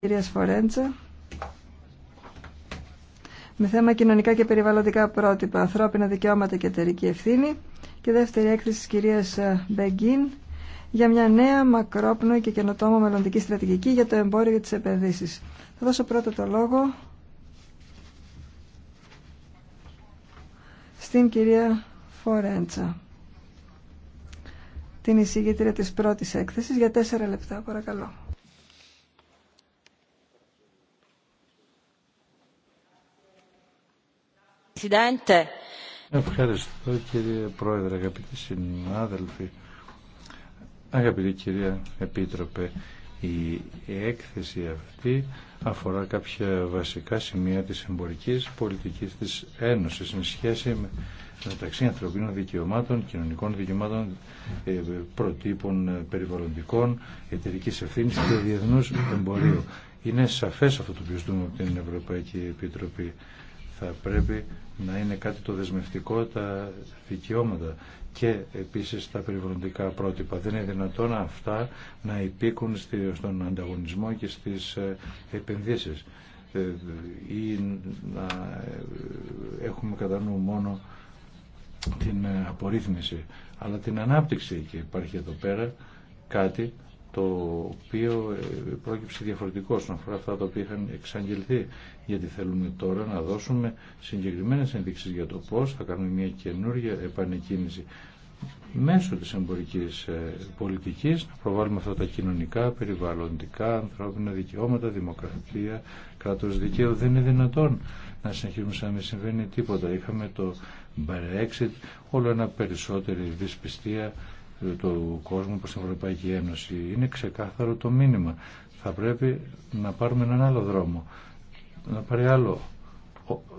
κυρία Φορέντσα με θέμα κοινωνικά και περιβαλλοντικά πρότυπα, ανθρώπινα δικαιώματα και εταιρική ευθύνη και δεύτερη έκθεση της κυρίας ε, Μπεγκίν για μια νέα μακρόπνοη και καινοτόμο μελλοντική στρατηγική για το εμπόριο και τις επενδύσεις. Θα δώσω πρώτα το λόγο στην κυρία Φορέντσα την εισηγήτρια της πρώτης έκθεσης για τέσσερα λεπτά παρακαλώ. Ευχαριστώ κύριε Πρόεδρε, αγαπητοί συνάδελφοι, αγαπητή κυρία Επίτροπε. Η έκθεση αυτή αφορά κάποια βασικά σημεία της εμπορικής πολιτικής της Ένωσης με σχέση με μεταξύ ανθρωπίνων δικαιωμάτων, κοινωνικών δικαιωμάτων, ε, προτύπων ε, περιβαλλοντικών, εταιρική ευθύνη και διεθνούς εμπορίου. Είναι σαφές αυτό το οποίο ζητούμε από την Ευρωπαϊκή Επιτροπή θα πρέπει να είναι κάτι το δεσμευτικό τα δικαιώματα και επίσης τα περιβαλλοντικά πρότυπα. Δεν είναι δυνατόν αυτά να υπήκουν στον ανταγωνισμό και στις ε, επενδύσεις ε, ή να ε, έχουμε κατά νου μόνο την απορρίθμιση αλλά την ανάπτυξη και υπάρχει εδώ πέρα κάτι το οποίο ε, πρόκειψε διαφορετικό όσον αφορά αυτά τα οποία είχαν εξαγγελθεί γιατί θέλουμε τώρα να δώσουμε συγκεκριμένες ενδείξει για το πώς θα κάνουμε μια καινούργια επανεκκίνηση μέσω της εμπορικής ε, πολιτικής να προβάλλουμε αυτά τα κοινωνικά, περιβαλλοντικά, ανθρώπινα δικαιώματα, δημοκρατία, κράτος δικαίου. Δεν είναι δυνατόν να συνεχίσουμε σαν να συμβαίνει τίποτα. Είχαμε το Brexit, όλο ένα περισσότερη δυσπιστία του κόσμου προς την Ευρωπαϊκή Ένωση. Είναι ξεκάθαρο το μήνυμα. Θα πρέπει να πάρουμε έναν άλλο δρόμο, να πάρει άλλο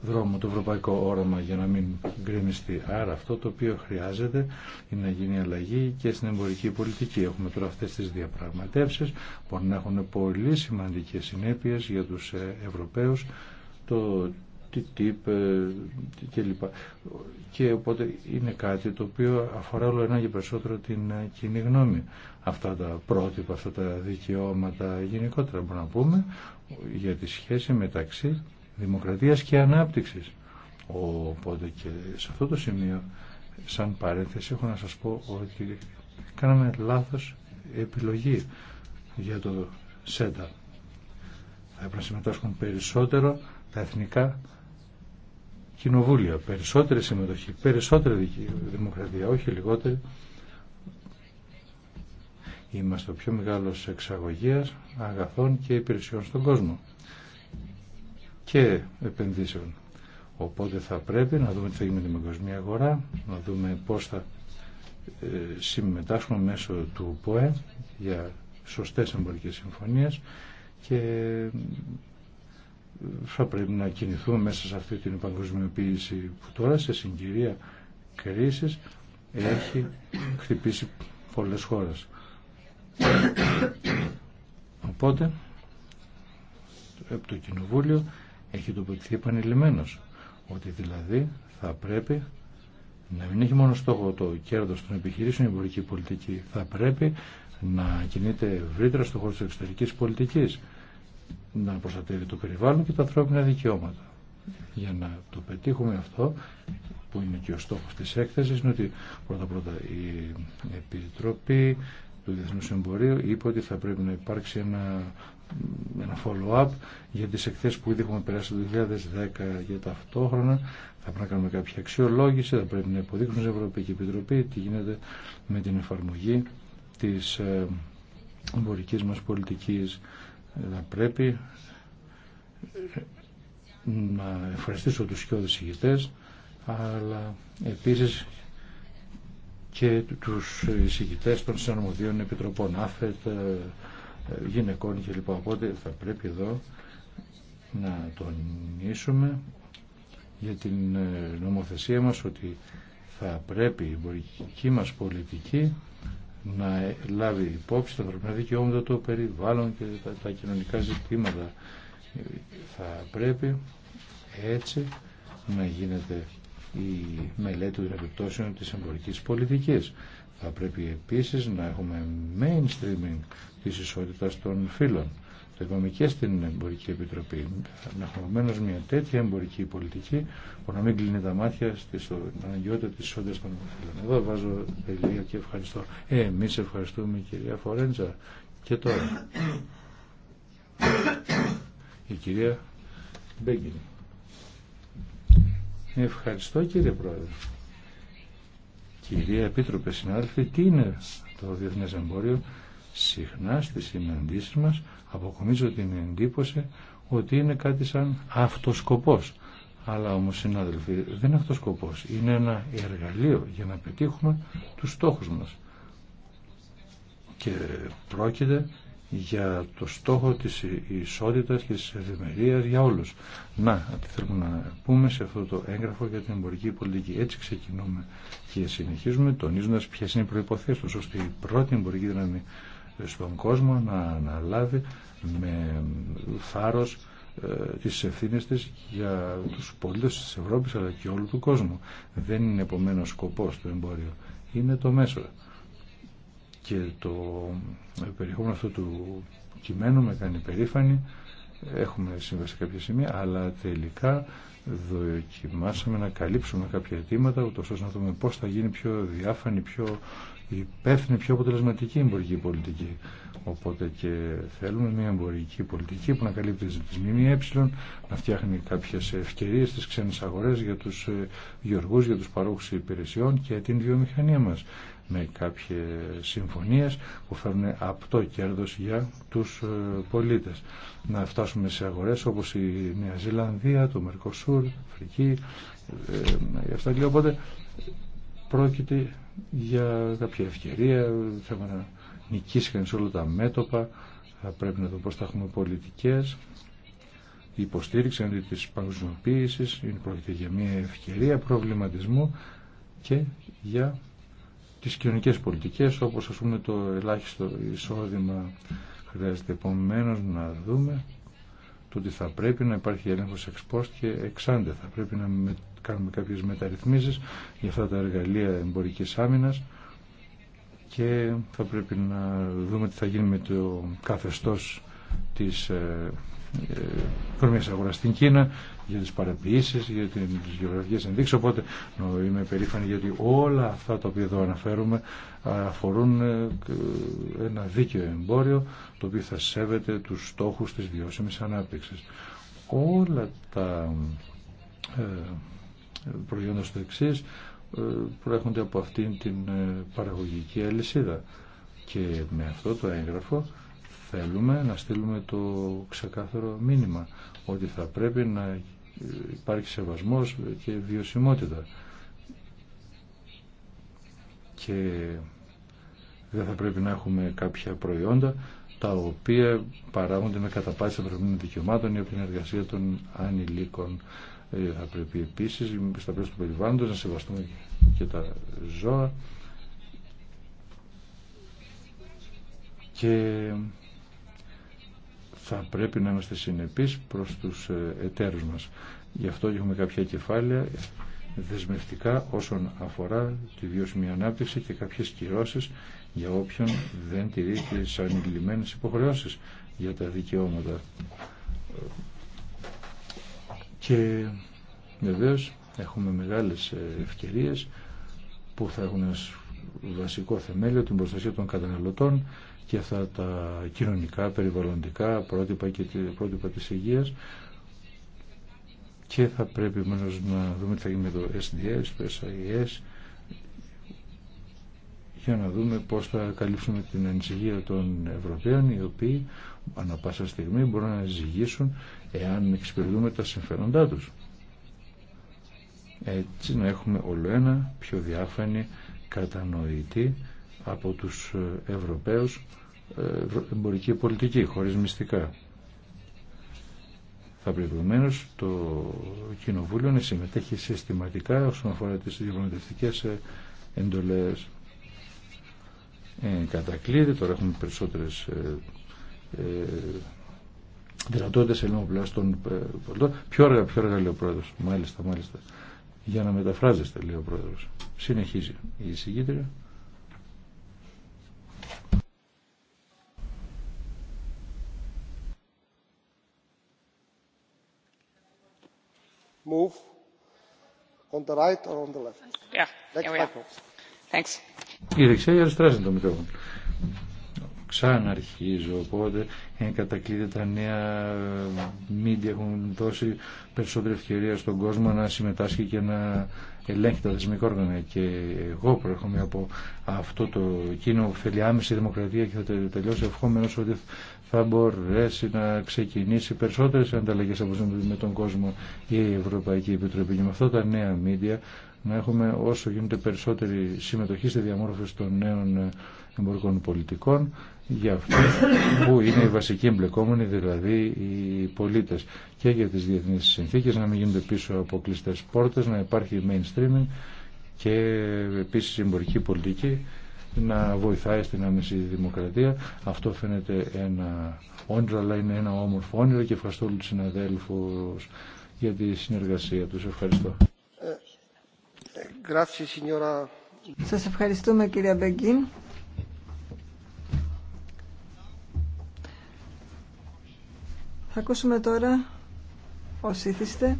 δρόμο το ευρωπαϊκό όραμα για να μην γκρεμιστεί. Άρα αυτό το οποίο χρειάζεται είναι να γίνει αλλαγή και στην εμπορική πολιτική. Έχουμε τώρα αυτές τις διαπραγματεύσεις που να έχουν πολύ σημαντικές συνέπειες για τους ε, Ευρωπαίους το τι τύπ ε, κλπ. Και οπότε είναι κάτι το οποίο αφορά όλο ένα και περισσότερο την ε, κοινή γνώμη. Αυτά τα πρότυπα, αυτά τα δικαιώματα γενικότερα μπορούμε να πούμε για τη σχέση μεταξύ δημοκρατίας και ανάπτυξης. Οπότε και σε αυτό το σημείο, σαν παρένθεση, έχω να σας πω ότι κάναμε λάθος επιλογή για το ΣΕΝΤΑ. Θα έπρεπε να συμμετάσχουν περισσότερο τα εθνικά κοινοβούλια, περισσότερη συμμετοχή, περισσότερη δημοκρατία, όχι λιγότερη. Είμαστε ο πιο μεγάλος εξαγωγίας αγαθών και υπηρεσιών στον κόσμο και επενδύσεων. Οπότε θα πρέπει να δούμε τι θα γίνει με την παγκοσμία αγορά, να δούμε πώς θα ε, συμμετάσχουμε μέσω του ΠΟΕ για σωστές εμπορικές συμφωνίες και θα πρέπει να κινηθούμε μέσα σε αυτή την παγκοσμιοποίηση που τώρα σε συγκυρία κρίσης έχει χτυπήσει πολλές χώρες. Οπότε, το Κοινοβούλιο έχει τοποθετηθεί επανειλημμένος ότι δηλαδή θα πρέπει να μην έχει μόνο στόχο το κέρδος των επιχειρήσεων η εμπορική πολιτική. Θα πρέπει να κινείται ευρύτερα στο χώρο της εξωτερικής πολιτικής να προστατεύει το περιβάλλον και τα ανθρώπινα δικαιώματα. Για να το πετύχουμε αυτό, που είναι και ο στόχος της έκθεσης, είναι ότι πρώτα-πρώτα η Επιτροπή του Διεθνούς Εμπορίου είπε ότι θα πρέπει να υπάρξει ένα, ένα follow-up για τις εκθέσεις που ήδη έχουμε περάσει το 2010 για ταυτόχρονα. Θα πρέπει να κάνουμε κάποια αξιολόγηση, θα πρέπει να υποδείξουμε στην Ευρωπαϊκή Επιτροπή τι γίνεται με την εφαρμογή της ε, εμπορικής μας πολιτικής να πρέπει να ευχαριστήσω τους σκιώδες ηγητές αλλά επίσης και τους εισηγητές των συνομοδίων επιτροπών ΑΦΕΤ, ε, γυναικών λοιπόν Οπότε θα πρέπει εδώ να τονίσουμε για την ε, νομοθεσία μας ότι θα πρέπει η εμπορική μας πολιτική να λάβει υπόψη τα ανθρωπινά δικαιώματα, το περιβάλλον και τα, κοινωνικά ζητήματα. Θα πρέπει έτσι να γίνεται η μελέτη των επιπτώσεων της εμπορικής πολιτικής. Θα πρέπει επίσης να έχουμε mainstreaming της ισότητας των φύλων είπαμε και στην Εμπορική Επιτροπή. Να μια τέτοια εμπορική πολιτική που να μην κλείνει τα μάτια στην αναγκαιότητα τη ισότητα των ομοφυλών. Εδώ βάζω τελεία και ευχαριστώ. Ε, Εμεί ευχαριστούμε κυρία Φορέντζα. Και τώρα η κυρία Μπέγκιν. Ευχαριστώ κύριε Πρόεδρε. Κυρία Επίτροπε, συνάδελφοι, τι είναι το Διεθνές Εμπόριο συχνά στις συναντήσεις μας αποκομίζω την εντύπωση ότι είναι κάτι σαν αυτοσκοπός. Αλλά όμως συνάδελφοι δεν είναι αυτοσκοπός, είναι ένα εργαλείο για να πετύχουμε τους στόχους μας. Και πρόκειται για το στόχο της ισότητας, της ευημερίας για όλους. Να, τι θέλουμε να πούμε σε αυτό το έγγραφο για την εμπορική πολιτική. Έτσι ξεκινούμε και συνεχίζουμε τονίζοντας ποιες είναι οι προϋποθέσεις, ώστε η πρώτη εμπορική δύναμη στον κόσμο να αναλάβει με φάρος ε, τις ευθύνες της για τους πολίτες της Ευρώπης αλλά και όλου του κόσμου. Δεν είναι επομένω σκοπός το εμπόριο. Είναι το μέσο. Και το ε, περιεχόμενο αυτού του κειμένου με κάνει περήφανη. Έχουμε συμβάσει κάποια σημεία αλλά τελικά δοκιμάσαμε να καλύψουμε κάποια αιτήματα ούτως ώστε να δούμε πώς θα γίνει πιο διάφανη, πιο υπεύθυνη, πιο αποτελεσματική εμπορική πολιτική. Οπότε και θέλουμε μια εμπορική πολιτική που να καλύπτει τις ΜΜΕ, να φτιάχνει κάποιε ευκαιρίε, στις ξένες αγορές για τους ε, γεωργού, για τους παρόχου υπηρεσιών και την βιομηχανία μας με κάποιες συμφωνίε που φέρνουν απτό κέρδος για τους ε, πολίτες. Να φτάσουμε σε αγορέ όπω η Νέα Ζηλανδία, το Μερκοσούρ, Αφρική, ε, ε αυτά Οπότε πρόκειται για κάποια ευκαιρία, θέμα να νικήσει κανείς όλα τα μέτωπα, θα πρέπει να δούμε πώς θα έχουμε πολιτικές, η υποστήριξη αντί της παγκοσμιοποίησης, είναι πρόκειται για μια ευκαιρία προβληματισμού και για τις κοινωνικές πολιτικές, όπως ας πούμε το ελάχιστο εισόδημα χρειάζεται επομένω να δούμε το ότι θα πρέπει να υπάρχει έλεγχος εξπόστ και εξάντε. Θα πρέπει να κάνουμε κάποιες μεταρρυθμίσεις για αυτά τα εργαλεία εμπορικής άμυνας και θα πρέπει να δούμε τι θα γίνει με το καθεστώς της ε, ε, οικονομία αγοράς στην Κίνα για τις παραποιήσεις, για τις γεωγραφικές ενδείξεις. Οπότε είμαι περήφανη γιατί όλα αυτά τα οποία εδώ αναφέρουμε αφορούν ε, ένα δίκαιο εμπόριο το οποίο θα σέβεται τους στόχους της βιώσιμης ανάπτυξης. Όλα τα ε, προϊόντα στο εξή ε, προέρχονται από αυτήν την παραγωγική αλυσίδα και με αυτό το έγγραφο θέλουμε να στείλουμε το ξεκάθαρο μήνυμα ότι θα πρέπει να υπάρχει σεβασμός και βιωσιμότητα. Και δεν θα πρέπει να έχουμε κάποια προϊόντα τα οποία παράγονται με καταπάτηση των δικαιωμάτων ή από την εργασία των ανηλίκων. Ε, θα πρέπει επίσης στα πλαίσια του περιβάλλοντος να σεβαστούμε και τα ζώα και θα πρέπει να είμαστε συνεπείς προς τους ε, εταίρους μας. Γι' αυτό έχουμε κάποια κεφάλαια δεσμευτικά όσον αφορά τη βιώσιμη ανάπτυξη και κάποιες κυρώσεις για όποιον δεν τηρεί τις ανηλυμένες υποχρεώσεις για τα δικαιώματα. Και βεβαίω έχουμε μεγάλες ε, ευκαιρίες που θα έχουν ένα βασικό θεμέλιο την προστασία των καταναλωτών και αυτά τα κοινωνικά, περιβαλλοντικά πρότυπα και πρότυπα της υγείας και θα πρέπει μόνος να δούμε τι θα γίνει με το SDS, το SIS για να δούμε πώς θα καλύψουμε την ανησυχία των Ευρωπαίων οι οποίοι ανά πάσα στιγμή μπορούν να ζυγίσουν εάν εξυπηρετούμε τα συμφέροντά τους. Έτσι να έχουμε όλο ένα πιο διάφανη κατανοητή από τους Ευρωπαίους εμπορική πολιτική, χωρίς μυστικά. Θα πρέπει το Κοινοβούλιο να συμμετέχει συστηματικά όσον αφορά τις διαπραγματευτικές ε, εντολές. Ε, κατακλείδη, τώρα έχουμε περισσότερες ε, ε, δυνατότητες ελληνοπλαστών ε, Πιο αργά, πιο αργά λέει ο πρόεδρος. Μάλιστα, μάλιστα. Για να μεταφράζεστε λέει ο πρόεδρος. Συνεχίζει η εισηγήτρια. Η Ξαναρχίζω, οπότε ε, είναι τα νέα ε, μίντια έχουν δώσει περισσότερη ευκαιρία στον κόσμο να συμμετάσχει και να ελέγχει τα θεσμικά όργανα. Και εγώ προέρχομαι από αυτό το κοινό που θέλει άμεση δημοκρατία και θα τελειώσει ευχόμενος ότι θα μπορέσει να ξεκινήσει περισσότερες ανταλλαγές από με τον κόσμο η Ευρωπαϊκή Επιτροπή και με αυτά τα νέα μίντια να έχουμε όσο γίνεται περισσότερη συμμετοχή στη διαμόρφωση των νέων εμπορικών πολιτικών για αυτού που είναι οι βασικοί εμπλεκόμενοι, δηλαδή οι πολίτες και για τις διεθνείς συνθήκες, να μην γίνονται πίσω από κλειστές πόρτες, να υπάρχει mainstreaming και επίσης εμπορική πολιτική να βοηθάει στην άμεση δημοκρατία. Αυτό φαίνεται ένα όνειρο, αλλά είναι ένα όμορφο όνειρο και ευχαριστώ όλους τους συναδέλφους για τη συνεργασία τους. Ευχαριστώ. Σας ευχαριστούμε κυρία Μπεγκίν. Θα ακούσουμε τώρα, όσοι ήθιστε,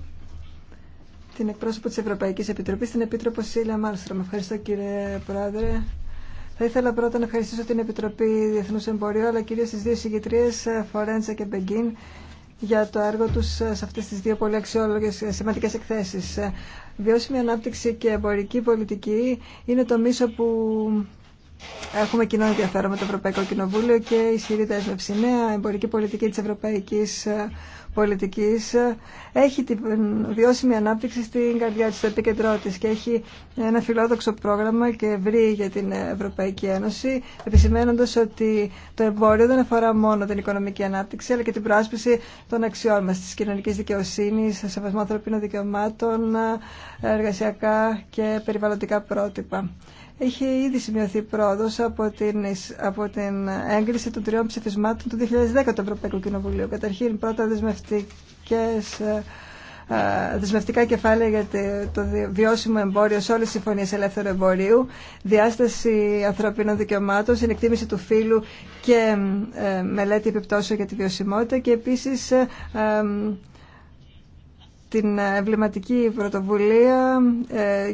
την εκπρόσωπο της Ευρωπαϊκής Επιτροπής, την Επίτροπο Σίλια Μάλστρομ. Ευχαριστώ κύριε Πρόεδρε. Θα ήθελα πρώτα να ευχαριστήσω την Επιτροπή Διεθνούς Εμπορίου, αλλά κυρίως τις δύο συγκεκριτρίες ε, Φορέντσα και Μπεγκίν για το έργο τους ε, σε αυτές τις δύο πολύ αξιόλογες ε, σημαντικές εκθέσεις. Βιώσιμη ανάπτυξη και εμπορική πολιτική είναι το μίσο που Έχουμε κοινό ενδιαφέρον με το Ευρωπαϊκό Κοινοβούλιο και ισχυρή δέσμευση. Νέα εμπορική πολιτική της Ευρωπαϊκής πολιτικής ε, έχει τη βιώσιμη ανάπτυξη στην καρδιά της, στο επίκεντρό της και έχει ένα φιλόδοξο πρόγραμμα και ευρύ για την Ευρωπαϊκή Ένωση επισημένοντα ότι το εμπόριο δεν αφορά μόνο την οικονομική ανάπτυξη αλλά και την προάσπιση των αξιών μας, της δικαιοσύνη, δικαιοσύνης, σεβασμό ανθρωπίνων δικαιωμάτων, εργασιακά και περιβαλλοντικά πρότυπα. Έχει ήδη σημειωθεί πρόοδο από την, από την έγκριση των τριών ψηφισμάτων του 2010 του Ευρωπαϊκού Κοινοβουλίου. Καταρχήν, πρώτα δεσμευτικές, ε, ε, δεσμευτικά κεφάλαια για το βιώσιμο εμπόριο σε όλε τι συμφωνίε ελεύθερου εμπορίου, διάσταση ανθρωπίνων δικαιωμάτων, συνεκτίμηση του φύλου και ε, μελέτη επιπτώσεων για τη βιωσιμότητα και επίση την εμβληματική πρωτοβουλία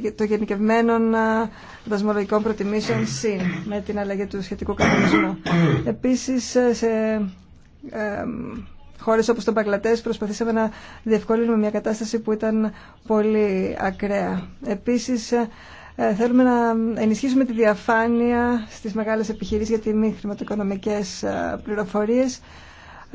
ε, των γενικευμένων ε, δασμολογικών προτιμήσεων ΣΥΝ με την αλλαγή του σχετικού κανονισμού. Επίσης, ε, σε ε, χώρες όπως τον Παγκλατές προσπαθήσαμε να διευκολύνουμε μια κατάσταση που ήταν πολύ ακραία. Επίσης, ε, θέλουμε να ενισχύσουμε τη διαφάνεια στις μεγάλες επιχειρήσεις για τη μη χρηματοοικονομικές πληροφορίες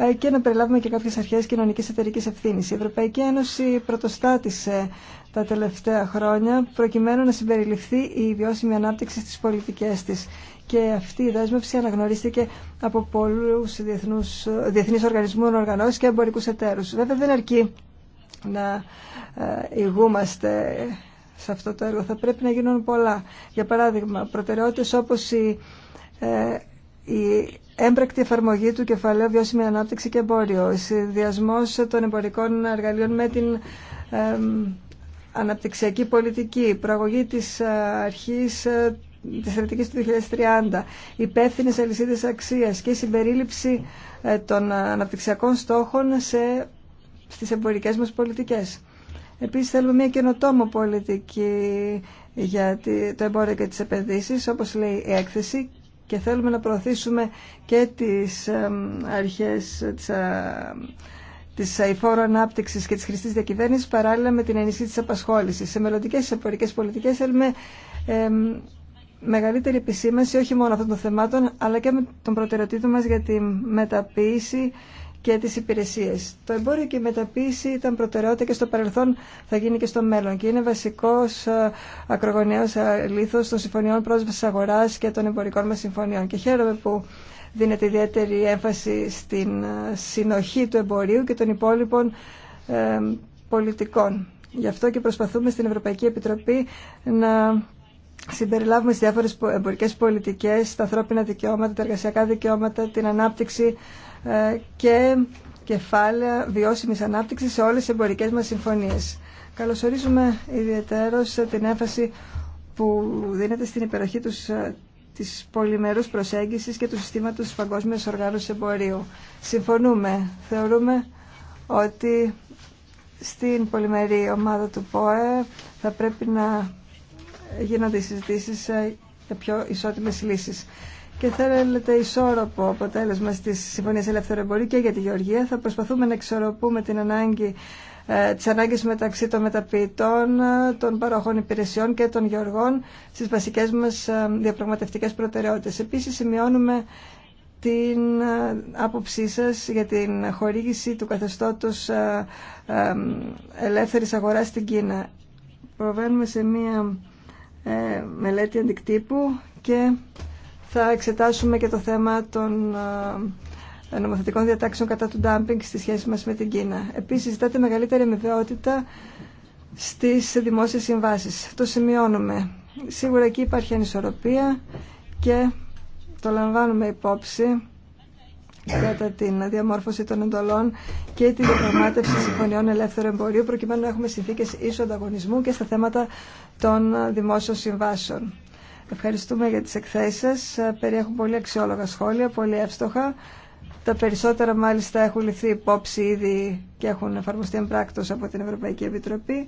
ε, και να περιλάβουμε και κάποιες αρχές κοινωνικής εταιρικής ευθύνης. Η Ευρωπαϊκή Ένωση πρωτοστάτησε τα τελευταία χρόνια προκειμένου να συμπεριληφθεί η βιώσιμη ανάπτυξη στις πολιτικές της. Και αυτή η δέσμευση αναγνωρίστηκε από πολλούς διεθνούς, διεθνείς οργανισμούς, οργανώσεις και εμπορικούς εταίρους. Βέβαια δεν αρκεί να ε, ηγούμαστε σε αυτό το έργο. Θα πρέπει να γίνουν πολλά. Για παράδειγμα, προτεραιότητες όπως η ε, η έμπρακτη εφαρμογή του κεφαλαίου βιώσιμη ανάπτυξη και εμπόριο, ο συνδυασμό των εμπορικών εργαλείων με την αναπτυξιακή πολιτική, η προαγωγή της ε, αρχής ε, της στρατηγικής του 2030, υπεύθυνες αλυσίδες αξίας και η συμπερίληψη ε, των αναπτυξιακών στόχων σε, στις εμπορικές μας πολιτικές. Επίσης θέλουμε μια καινοτόμο πολιτική για το εμπόριο και τις επενδύσεις, όπως λέει η έκθεση, και θέλουμε να προωθήσουμε και τις αρχές της, της αηφόρου ανάπτυξης και της χρηστής διακυβέρνησης παράλληλα με την ενισχύ της απασχόλησης. Σε μελλοντικές εμπορικέ πολιτικές θέλουμε μεγαλύτερη επισήμανση όχι μόνο αυτών των θεμάτων αλλά και με τον προτεραιοτήτων μας για τη μεταποίηση και τις υπηρεσίες. Το εμπόριο και η μεταποίηση ήταν προτεραιότητα και στο παρελθόν θα γίνει και στο μέλλον και είναι βασικός ε, ακρογωνιαίος ε, λίθος των συμφωνιών πρόσβασης αγοράς και των εμπορικών μας συμφωνιών και χαίρομαι που δίνεται ιδιαίτερη έμφαση στην ε, συνοχή του εμπορίου και των υπόλοιπων πολιτικών. Γι' αυτό και προσπαθούμε στην Ευρωπαϊκή Επιτροπή να συμπεριλάβουμε στις διάφορες εμπορικές πολιτικές τα ανθρώπινα δικαιώματα, τα εργασιακά δικαιώματα, την ανάπτυξη ε, και κεφάλαια βιώσιμης ανάπτυξης σε όλες τις εμπορικές μας συμφωνίες. Καλωσορίζουμε ιδιαίτερως την έμφαση που δίνεται στην υπεροχή τους ε, της πολυμερούς προσέγγισης και του συστήματος της Παγκόσμιας Οργάνωσης Εμπορίου. Συμφωνούμε. Θεωρούμε ότι στην πολυμερή ομάδα του ΠΟΕ θα πρέπει να γίνονται οι συζητήσεις ε, για πιο ισότιμες λύσεις και θέλετε ισόρροπο αποτέλεσμα στις συμφωνίες ελεύθερου εμπορίου και για τη Γεωργία. Θα προσπαθούμε να εξορροπούμε την ανάγκη ε, τις ανάγκες μεταξύ των μεταποιητών, ε, των παροχών υπηρεσιών και των γεωργών στις βασικές μας ε, διαπραγματευτικές προτεραιότητες. Επίσης, σημειώνουμε την άποψή σας για την χορήγηση του καθεστώτος ελεύθερης αγοράς στην Κίνα. Προβαίνουμε σε μία μελέτη αντικτύπου και θα εξετάσουμε και το θέμα των ε, νομοθετικών διατάξεων κατά του ντάμπινγκ στη σχέση μας με την Κίνα. Επίσης, ζητάτε μεγαλύτερη αμοιβαιότητα στις δημόσιες συμβάσεις. Το σημειώνουμε. Σίγουρα εκεί υπάρχει ανισορροπία και το λαμβάνουμε υπόψη κατά τη διαμόρφωση των εντολών και τη διαπραγμάτευση συμφωνιών ελεύθερου εμπορίου προκειμένου να έχουμε συνθήκες ίσου ανταγωνισμού και στα θέματα των δημόσιων συμβάσεων. Ευχαριστούμε για τις εκθέσεις σας. Ε, περιέχουν πολύ αξιόλογα σχόλια, πολύ εύστοχα. Τα περισσότερα μάλιστα έχουν ληφθεί υπόψη ήδη και έχουν εφαρμοστεί εμπράκτος από την Ευρωπαϊκή Επιτροπή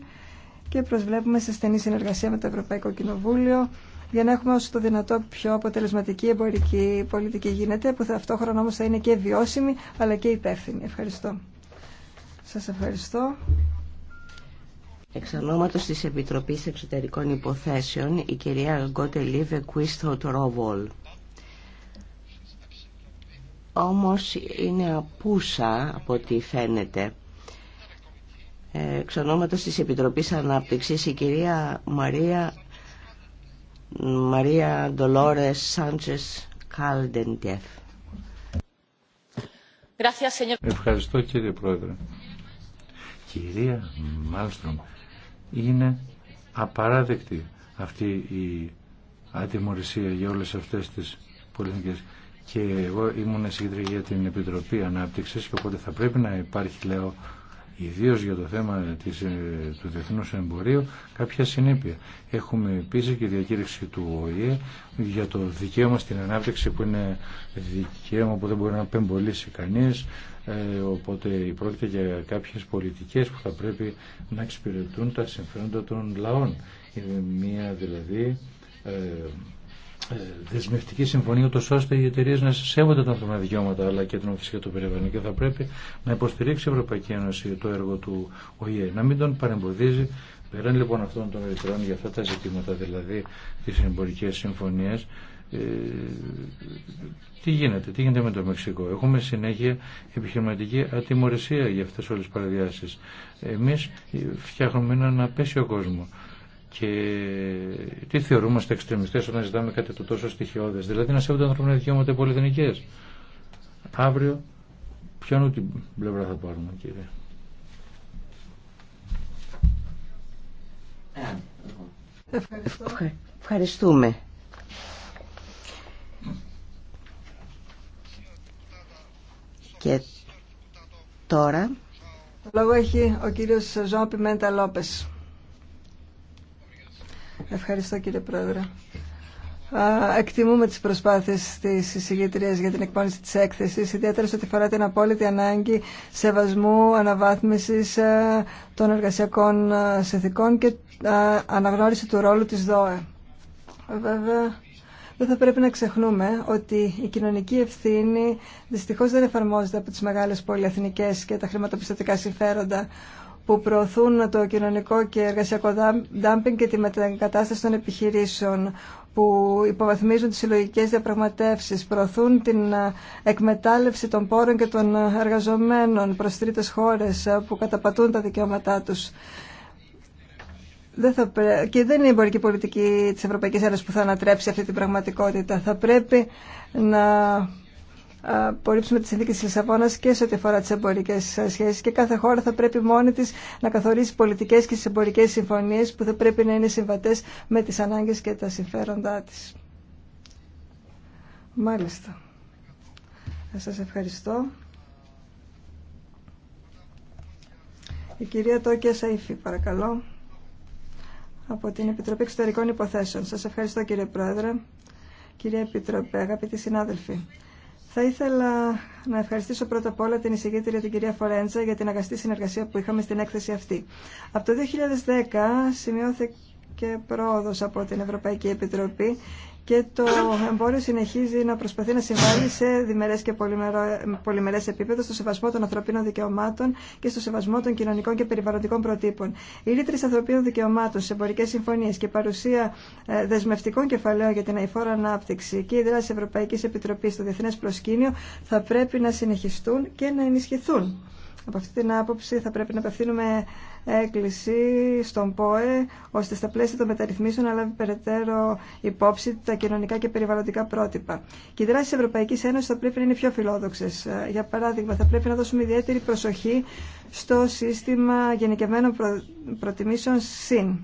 και προσβλέπουμε σε στενή συνεργασία με το Ευρωπαϊκό Κοινοβούλιο για να έχουμε όσο το δυνατό πιο αποτελεσματική εμπορική πολιτική γίνεται, που ταυτόχρονα όμως θα είναι και βιώσιμη αλλά και υπεύθυνη. Ευχαριστώ. Σας ευχαριστώ. Εξ ονόματος της Επιτροπής Εξωτερικών Υποθέσεων, η κυρία Γκότε Λίβε Κουίστοτ Ρόβολ. Όμω είναι απούσα από ό,τι φαίνεται. Εξ ονόματος της Επιτροπής η κυρία Μαρία, Μαρία Ντολόρε Σάντσες Καλντεντεφ. Ευχαριστώ κύριε Πρόεδρε. Κυρία Μάλστρομ, είναι απαράδεκτη αυτή η ατιμορρησία για όλες αυτές τις πολιτικές. Και εγώ ήμουν συγκεντρή για την Επιτροπή Ανάπτυξης και οπότε θα πρέπει να υπάρχει, λέω, ιδίω για το θέμα της, ε, του διεθνούς εμπορίου, κάποια συνέπεια. Έχουμε επίση και διακήρυξη του ΟΗΕ για το δικαίωμα στην ανάπτυξη που είναι δικαίωμα που δεν μπορεί να πεμπολίσει κανείς, ε, οπότε πρόκειται για κάποιες πολιτικές που θα πρέπει να εξυπηρετούν τα συμφέροντα των λαών. Είναι μία δηλαδή... Ε, ε, δεσμευτική συμφωνία, ούτω ώστε οι εταιρείε να σέβονται τα ανθρώπινα δικαιώματα αλλά και την οφησία του περιβάλλον. Και θα πρέπει να υποστηρίξει η Ευρωπαϊκή Ένωση το έργο του ΟΗΕ, να μην τον παρεμποδίζει. Πέραν λοιπόν αυτών των ρητρών για αυτά τα ζητήματα, δηλαδή τις εμπορικέ συμφωνίε, ε, τι γίνεται, τι γίνεται με το Μεξικό. Έχουμε συνέχεια επιχειρηματική ατιμορρησία για αυτές όλες τις παραδιάσεις. Εμείς φτιάχνουμε έναν απέσιο κόσμο και τι θεωρούμαστε εξτρεμιστές όταν ζητάμε κάτι το τόσο στοιχειώδες. Δηλαδή να σέβονται ανθρώπινα δικαιώματα πολυεθνικέ. Αύριο ποιον την πλευρά θα πάρουμε κύριε. Ευχαριστούμε. Και τώρα... Το λόγο έχει ο κύριος Ζωάν Πιμέντα Λόπες. Ευχαριστώ κύριε Πρόεδρε. Εκτιμούμε τις προσπάθειες της εισηγήτριας για την εκπόνηση της έκθεσης, ιδιαίτερα σε ό,τι αφορά την απόλυτη ανάγκη σεβασμού, αναβάθμισης ε, των εργασιακών ε, συνθηκών και ε, αναγνώριση του ρόλου της ΔΟΕ. Βέβαια, δεν θα πρέπει να ξεχνούμε ότι η κοινωνική ευθύνη δυστυχώς δεν εφαρμόζεται από τις μεγάλες πολυεθνικές και τα χρηματοπιστωτικά συμφέροντα που προωθούν το κοινωνικό και εργασιακό ντάμπινγκ και τη μετακατάσταση των επιχειρήσεων, που υποβαθμίζουν τις συλλογικές διαπραγματεύσεις, προωθούν την ε, εκμετάλλευση των πόρων και των εργαζομένων προς τρίτες χώρες ε, που καταπατούν τα δικαιώματά τους. Δεν Και δεν είναι η εμπορική πολιτική της Ευρωπαϊκής Ένωσης που θα ανατρέψει αυτή την πραγματικότητα. Θα πρέπει να απορρίψουμε τις συνθήκε τη Λισαβόνα και σε ό,τι αφορά τι εμπορικέ ε, σχέσει και κάθε χώρα θα πρέπει μόνη τη να καθορίσει πολιτικέ και τι εμπορικέ συμφωνίε που θα πρέπει να είναι συμβατέ με τι ανάγκε και τα συμφέροντά τη. Μάλιστα. Σας ευχαριστώ. Η κυρία Τόκια Σαϊφή, παρακαλώ, από την Επιτροπή Εξωτερικών Υποθέσεων. Σας ευχαριστώ κύριε Πρόεδρε, κυρία Επιτροπέ, αγαπητοί συνάδελφοι. Θα ήθελα να ευχαριστήσω πρώτα απ' όλα την εισηγήτρια την κυρία Φορέντζα για την αγαστή συνεργασία που είχαμε στην έκθεση αυτή. Από το 2010 σημειώθηκε πρόοδος από την Ευρωπαϊκή Επιτροπή και το εμπόριο συνεχίζει να προσπαθεί να συμβάλλει σε διμερέ και πολυμερέ επίπεδο στο σεβασμό των ανθρωπίνων δικαιωμάτων και στο σεβασμό των κοινωνικών και περιβαλλοντικών προτύπων. Οι ρήτρη ανθρωπίνων δικαιωμάτων σε εμπορικές συμφωνίες και παρουσία ε, δεσμευτικών κεφαλαίων για την αηφόρα ανάπτυξη και η δράση Ευρωπαϊκή Επιτροπή, στο Διεθνέ Προσκήνιο θα πρέπει να συνεχιστούν και να ενισχυθούν. Από αυτή την άποψη θα πρέπει να απευθύνουμε έκκληση στον ΠΟΕ ώστε στα πλαίσια των μεταρρυθμίσεων να λάβει περαιτέρω υπόψη τα κοινωνικά και περιβαλλοντικά πρότυπα. Και οι δράσει τη Ευρωπαϊκή Ένωση θα πρέπει να είναι πιο φιλόδοξε. Για παράδειγμα, θα πρέπει να δώσουμε ιδιαίτερη προσοχή στο σύστημα γενικευμένων προτιμήσεων ΣΥΝ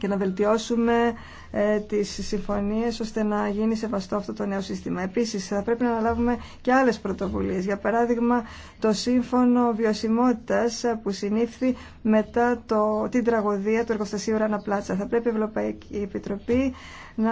και να βελτιώσουμε ε, τις συμφωνίες ώστε να γίνει σεβαστό αυτό το νέο σύστημα. Επίσης θα πρέπει να αναλάβουμε και άλλες πρωτοβουλίες. Για παράδειγμα το σύμφωνο βιωσιμότητας ε, που συνήφθη μετά το, την τραγωδία του εργοστασίου Ρανα Πλάτσα. Θα πρέπει η Ευρωπαϊκή Επιτροπή να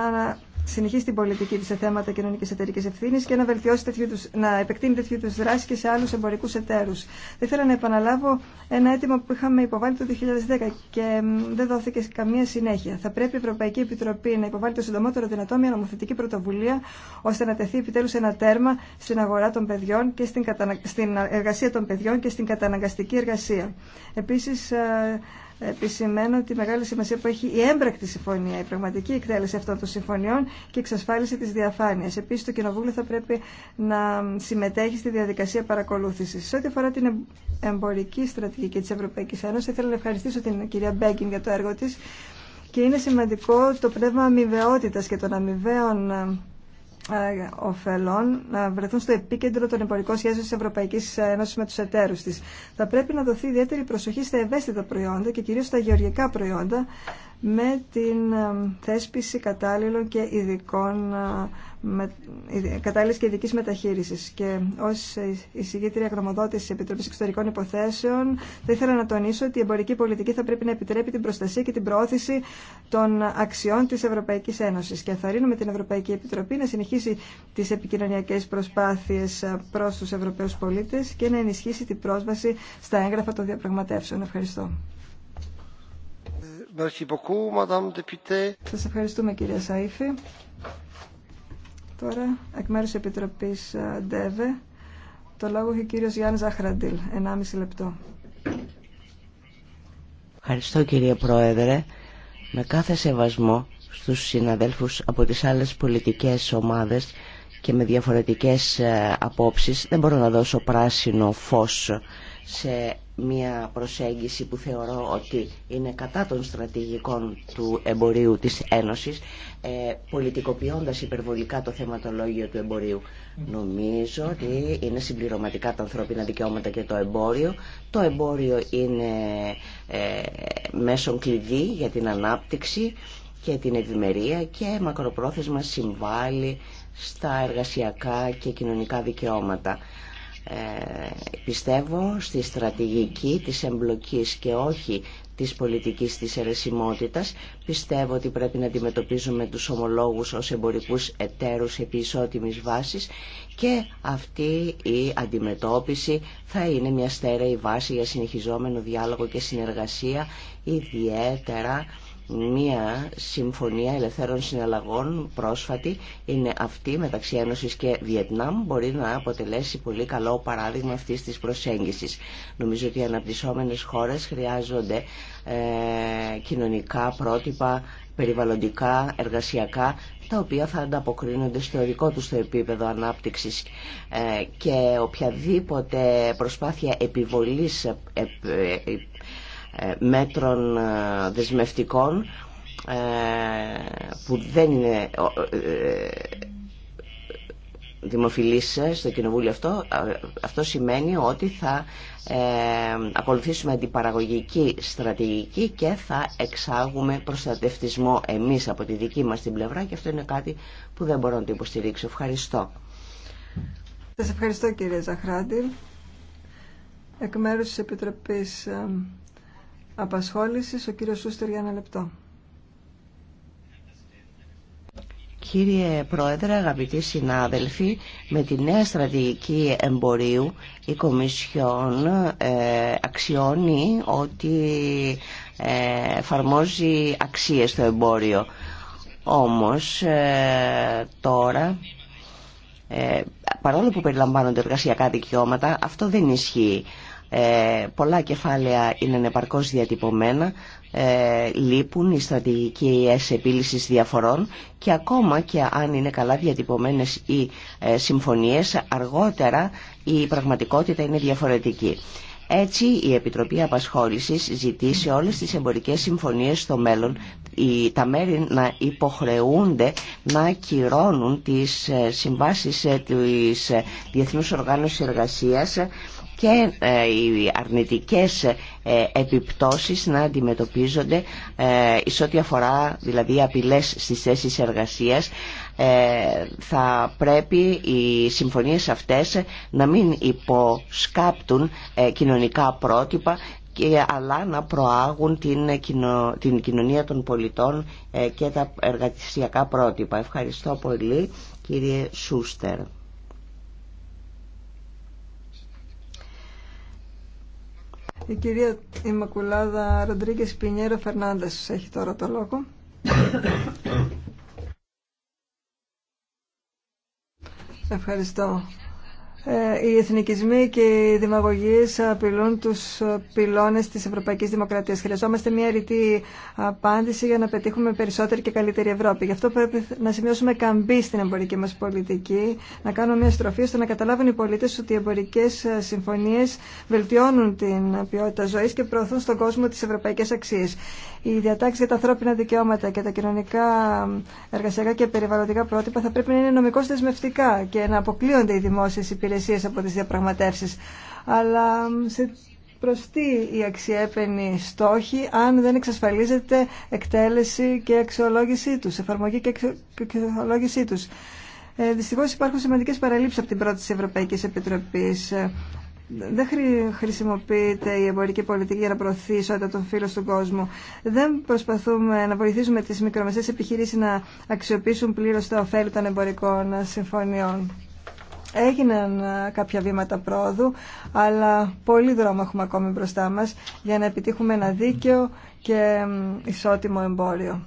συνεχίσει την πολιτική τη σε θέματα κοινωνική εταιρική ευθύνη και να, βελτιώσει τους, να επεκτείνει τέτοιου είδου δράσει και σε άλλου εμπορικού εταίρου. Θα ήθελα να επαναλάβω ένα αίτημα που είχαμε υποβάλει το 2010 και δεν δόθηκε καμία συνέχεια. Θα πρέπει η Ευρωπαϊκή Επιτροπή να υποβάλει το συντομότερο δυνατό μια νομοθετική πρωτοβουλία ώστε να τεθεί επιτέλου ένα τέρμα στην αγορά των παιδιών και στην, στην εργασία των παιδιών και στην καταναγκαστική εργασία. Επίση, ε, επισημαίνω τη μεγάλη σημασία που έχει η έμπρακτη συμφωνία, η πραγματική εκτέλεση αυτών των συμφωνιών και εξασφάλιση τη διαφάνειας. Επίση, το Κοινοβούλιο θα πρέπει να συμμετέχει στη διαδικασία παρακολούθηση. Σε ό,τι αφορά την εμπορική στρατηγική τη Ευρωπαϊκή Ένωση, θα ήθελα να ευχαριστήσω την κυρία Μπέγκιν για το έργο τη και είναι σημαντικό το πνεύμα αμοιβαιότητα και των αμοιβαίων ωφελών να βρεθούν στο επίκεντρο των εμπορικών σχέσεων τη Ευρωπαϊκή Ένωση με του εταίρου τη. Θα πρέπει να δοθεί ιδιαίτερη προσοχή στα ευαίσθητα προϊόντα και κυρίω στα γεωργικά προϊόντα, με την ε, θέσπιση κατάλληλων και ειδικών ε, με, ε, και ειδικής μεταχείρισης. Και ως εισηγήτρια γνωμοδότηση της Επιτροπής Εξωτερικών Υποθέσεων θα ήθελα να τονίσω ότι η εμπορική πολιτική θα πρέπει να επιτρέπει την προστασία και την προώθηση των αξιών της Ευρωπαϊκής Ένωσης. Και θα την Ευρωπαϊκή Επιτροπή να συνεχίσει τις επικοινωνιακές προσπάθειες προς τους Ευρωπαίους πολίτες και να ενισχύσει την πρόσβαση στα έγγραφα των διαπραγματεύσεων. Ευχαριστώ. Σας ευχαριστούμε κυρία Σαΐφη. Τώρα, εκ μέρους Επιτροπής ε, ΔΕΒΕ, το λόγο έχει ο κύριος Γιάννης Ζαχραντήλ, 1,5 λεπτό. Ευχαριστώ κύριε Πρόεδρε. Με κάθε σεβασμό στους συναδέλφους από τις άλλες πολιτικές ομάδες και με διαφορετικές ε, απόψεις δεν μπορώ να δώσω πράσινο φως σε μια προσέγγιση που θεωρώ ότι είναι κατά των στρατηγικών του εμπορίου της Ένωσης, ε, πολιτικοποιώντας υπερβολικά το θεματολόγιο του εμπορίου. Νομίζω ότι είναι συμπληρωματικά τα ανθρώπινα δικαιώματα και το εμπόριο. Το εμπόριο είναι ε, μέσον κλειδί για την ανάπτυξη και την ευημερία και μακροπρόθεσμα συμβάλλει στα εργασιακά και κοινωνικά δικαιώματα. Ε, πιστεύω στη στρατηγική της εμπλοκής και όχι της πολιτικής της αιρεσιμότητας. Πιστεύω ότι πρέπει να αντιμετωπίζουμε τους ομολόγους ως εμπορικούς εταίρους επί ισότιμης βάσης και αυτή η αντιμετώπιση θα είναι μια στέρεη βάση για συνεχιζόμενο διάλογο και συνεργασία ιδιαίτερα Μία συμφωνία ελευθέρων συναλλαγών πρόσφατη είναι αυτή μεταξύ Ένωσης και Βιετνάμ μπορεί να αποτελέσει πολύ καλό παράδειγμα αυτής της προσέγγισης. Νομίζω ότι οι αναπτυσσόμενες χώρες χρειάζονται ε, κοινωνικά πρότυπα, περιβαλλοντικά, εργασιακά τα οποία θα ανταποκρίνονται στο δικό τους το επίπεδο ανάπτυξης ε, και οποιαδήποτε προσπάθεια επιβολής ε, ε, μέτρων ε, δεσμευτικών ε, που δεν είναι δημοφιλής στο κοινοβούλιο αυτό, αυτό σημαίνει ότι θα ακολουθήσουμε αντιπαραγωγική στρατηγική και θα εξάγουμε προστατευτισμό εμείς από τη δική μας την πλευρά και αυτό είναι κάτι που δεν μπορώ να το υποστηρίξω. Ευχαριστώ. Σας ευχαριστώ κύριε Ζαχράντη. Εκ μέρους της Επιτροπής Απασχόλησης, ο κύριος Σούστερ για ένα λεπτό. Κύριε Πρόεδρε, αγαπητοί συνάδελφοι, με τη νέα στρατηγική εμπορίου η Κομισιόν ε, αξιώνει ότι ε, εφαρμόζει αξίες στο εμπόριο. Όμως ε, τώρα, ε, παρόλο που περιλαμβάνονται εργασιακά δικαιώματα, αυτό δεν ισχύει. Ε, πολλά κεφάλαια είναι επαρκώς διατυπωμένα, ε, λείπουν οι στρατηγικές επίλυσης διαφορών και ακόμα και αν είναι καλά διατυπωμένες οι ε, συμφωνίες, αργότερα η πραγματικότητα είναι διαφορετική. Έτσι, η Επιτροπή Απασχόλησης ζητεί σε όλες τις εμπορικές συμφωνίες στο μέλλον τα μέρη να υποχρεούνται να κυρώνουν τις συμβάσεις της Διεθνούς Οργάνωσης Εργασίας και ε, οι αρνητικές ε, επιπτώσεις να αντιμετωπίζονται σε ό,τι αφορά δηλαδή απειλές στις θέσεις εργασίας ε, θα πρέπει οι συμφωνίες αυτές να μην υποσκάπτουν κοινωνικά πρότυπα αλλά να προάγουν την κοινωνία των πολιτών και τα εργασιακά πρότυπα. Ευχαριστώ πολύ κύριε Σούστερ. Η κυρία Ημακουλάδα Ροντρίγκε Πινιέρο Φερνάντε έχει τώρα το λόγο. Ευχαριστώ. Ε, οι εθνικισμοί και οι δημαγωγίες απειλούν τους πυλώνες της Ευρωπαϊκής Δημοκρατίας. Χρειαζόμαστε μια ρητή απάντηση για να πετύχουμε περισσότερη και καλύτερη Ευρώπη. Γι' αυτό πρέπει να σημειώσουμε καμπή στην εμπορική μας πολιτική, να κάνουμε μια στροφή ώστε να καταλάβουν οι πολίτες ότι οι εμπορικές συμφωνίες βελτιώνουν την ποιότητα ζωής και προωθούν στον κόσμο τις ευρωπαϊκές αξίες. Οι διατάξει για τα ανθρώπινα δικαιώματα και τα κοινωνικά, εργασιακά και περιβαλλοντικά πρότυπα θα πρέπει να είναι νομικώ δεσμευτικά και να αποκλείονται οι δημόσιες υπηρεσίε από τι διαπραγματεύσει. Αλλά σε τι η αξιέπαινη στόχη αν δεν εξασφαλίζεται εκτέλεση και αξιολόγησή του, εφαρμογή και αξιολόγησή του. Ε, δυστυχώς υπάρχουν σημαντικέ παραλήψει από την πρώτη τη Ευρωπαϊκή Επιτροπή. Ε, δεν χρησιμοποιείται η εμπορική πολιτική για να προωθεί ισότητα των φίλων στον κόσμο. Δεν προσπαθούμε να βοηθήσουμε τι μικρομεσαίε επιχειρήσει να αξιοποιήσουν πλήρω τα ωφέλη των εμπορικών ε, συμφωνιών. Έγιναν ε, κάποια βήματα πρόοδου, αλλά πολύ δρόμο έχουμε ακόμη μπροστά μας για να επιτύχουμε ένα δίκαιο και ισότιμο εμπόριο.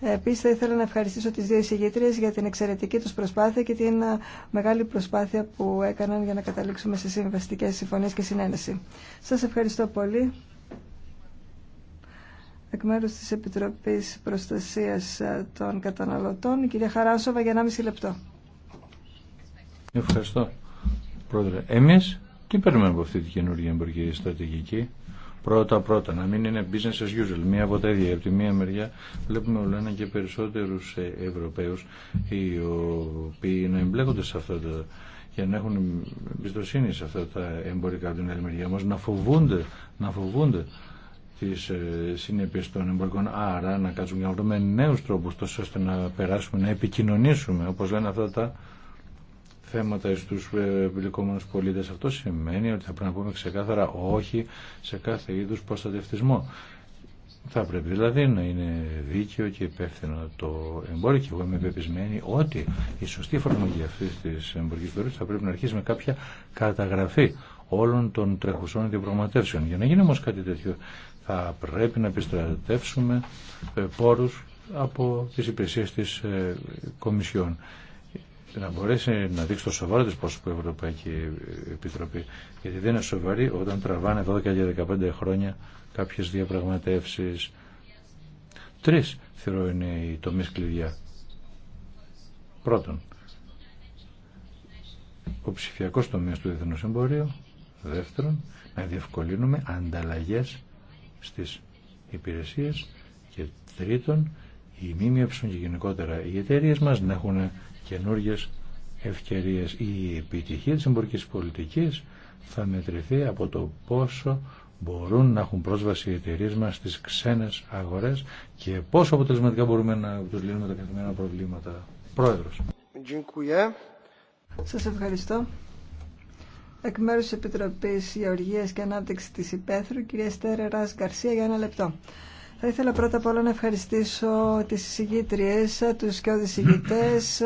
Επίσης θα ήθελα να ευχαριστήσω τις δύο εισηγήτριες για την εξαιρετική τους προσπάθεια και την ε, μεγάλη προσπάθεια που έκαναν για να καταλήξουμε σε συμβαστικές συμφωνίες και συνένεση. Σας ευχαριστώ πολύ. Εκ μέρους της Επιτροπής Προστασίας ε, των Καταναλωτών, η κυρία Χαράσοβα για 1,5 λεπτό. Ευχαριστώ, Πρόεδρε. Εμείς τι παίρνουμε από αυτή τη καινούργια εμπορική στρατηγική. Πρώτα-πρώτα, να μην είναι business as usual. Μία από τα ίδια. Από τη μία μεριά βλέπουμε όλο ένα και περισσότερου ε, Ευρωπαίους οι οποίοι να εμπλέκονται σε αυτά τα για να έχουν εμπιστοσύνη σε αυτά τα εμπορικά από την άλλη μεριά μας, να φοβούνται, να φοβούνται τις ε, συνέπειες των εμπορικών, άρα να κάτσουμε να βρούμε νέους τρόπους τόσο ώστε να περάσουμε, να επικοινωνήσουμε, όπως λένε αυτά τα θέματα στου ε, εμπληκόμενους πολίτε. Αυτό σημαίνει ότι θα πρέπει να πούμε ξεκάθαρα όχι σε κάθε είδου προστατευτισμό. Θα πρέπει δηλαδή να είναι δίκαιο και υπεύθυνο το εμπόριο και εγώ είμαι πεπισμένη ότι η σωστή εφαρμογή αυτή τη εμπορική περιοχή θα πρέπει να αρχίσει με κάποια καταγραφή όλων των τρεχουσών διαπραγματεύσεων. Για να γίνει όμω κάτι τέτοιο θα πρέπει να επιστρατεύσουμε ε, πόρου από τι υπηρεσίε τη ε, Κομισιόν να μπορέσει να δείξει το σοβαρό της πρόσωπο η Ευρωπαϊκή Επιτροπή. Γιατί δεν είναι σοβαρή όταν τραβάνε 12 και 15 χρόνια κάποιες διαπραγματεύσεις. Τρεις θεωρώ είναι οι τομείς κλειδιά. Πρώτον, ο ψηφιακό τομέα του διεθνού εμπορίου. Δεύτερον, να διευκολύνουμε ανταλλαγέ στι υπηρεσίε. Και τρίτον, οι ΜΜΕ και γενικότερα οι εταιρείε μα να έχουν καινούργιες ευκαιρίες. Η επιτυχία της εμπορικής πολιτικής θα μετρηθεί από το πόσο μπορούν να έχουν πρόσβαση οι εταιρείε μα στι ξένε αγορέ και πόσο αποτελεσματικά μπορούμε να του λύνουμε τα καθημερινά προβλήματα. Πρόεδρο. Σα ευχαριστώ. Εκ μέρου τη Επιτροπή Γεωργία και Ανάπτυξη τη Υπέθρου κυρία Στέρερα Γκαρσία, για ένα λεπτό. Θα ήθελα πρώτα απ' όλα να ευχαριστήσω τις συγγήτριες, τους και οδησυγητές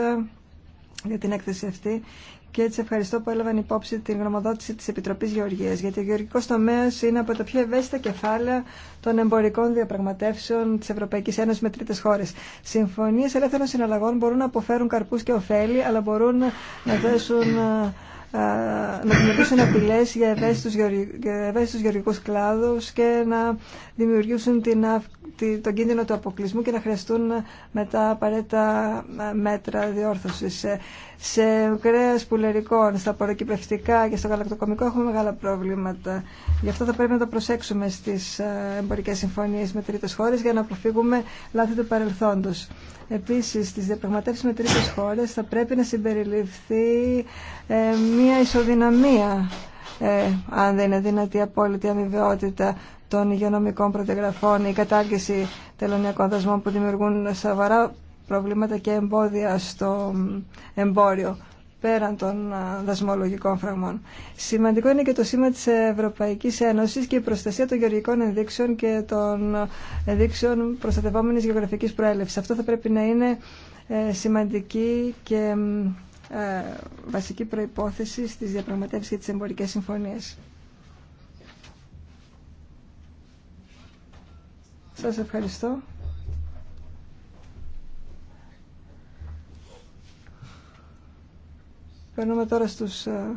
για την έκθεση αυτή και έτσι ευχαριστώ που έλαβαν υπόψη την γνωμοδότηση της Επιτροπής Γεωργίας γιατί ο γεωργικός τομέας είναι από τα πιο ευαίσθητα κεφάλαια των εμπορικών διαπραγματεύσεων της Ευρωπαϊκής Ένωσης με τρίτες χώρες. Συμφωνίες ελεύθερων συναλλαγών μπορούν να αποφέρουν καρπούς και ωφέλη αλλά μπορούν να θέσουν να δημιουργήσουν απειλέ για τους γεωργικούς κλάδους και να δημιουργήσουν την, τον κίνδυνο του αποκλεισμού και να χρειαστούν μετά απαραίτητα μέτρα διόρθωσης. Ε, σε κρέα πουλερικών, στα παροκυπευτικά και στο γαλακτοκομικό έχουμε μεγάλα προβλήματα. Γι' αυτό θα πρέπει να το προσέξουμε στι ε, εμπορικέ συμφωνίε με τρίτε χώρε για να αποφύγουμε λάθη του παρελθόντο. Επίσης, στις διαπραγματεύσει με τρίτε χώρε θα πρέπει να συμπεριληφθεί ε, μια ισοδυναμία ε, αν δεν είναι δυνατή η απόλυτη αμοιβαιότητα των υγειονομικών προτεγραφών, η κατάργηση τελωνιακών δασμών που δημιουργούν σοβαρά προβλήματα και εμπόδια στο εμπόριο πέραν των δασμολογικών φραγμών. Σημαντικό είναι και το σήμα της Ευρωπαϊκής Ένωσης και η προστασία των γεωργικών ενδείξεων και των ενδείξεων προστατευόμενης γεωγραφικής προέλευσης. Αυτό θα πρέπει να είναι ε, σημαντική και ε, βασική προϋπόθεση στις διαπραγματεύσεις και τις εμπορικές συμφωνίες. Σας ευχαριστώ. Περνούμε τώρα στους ε,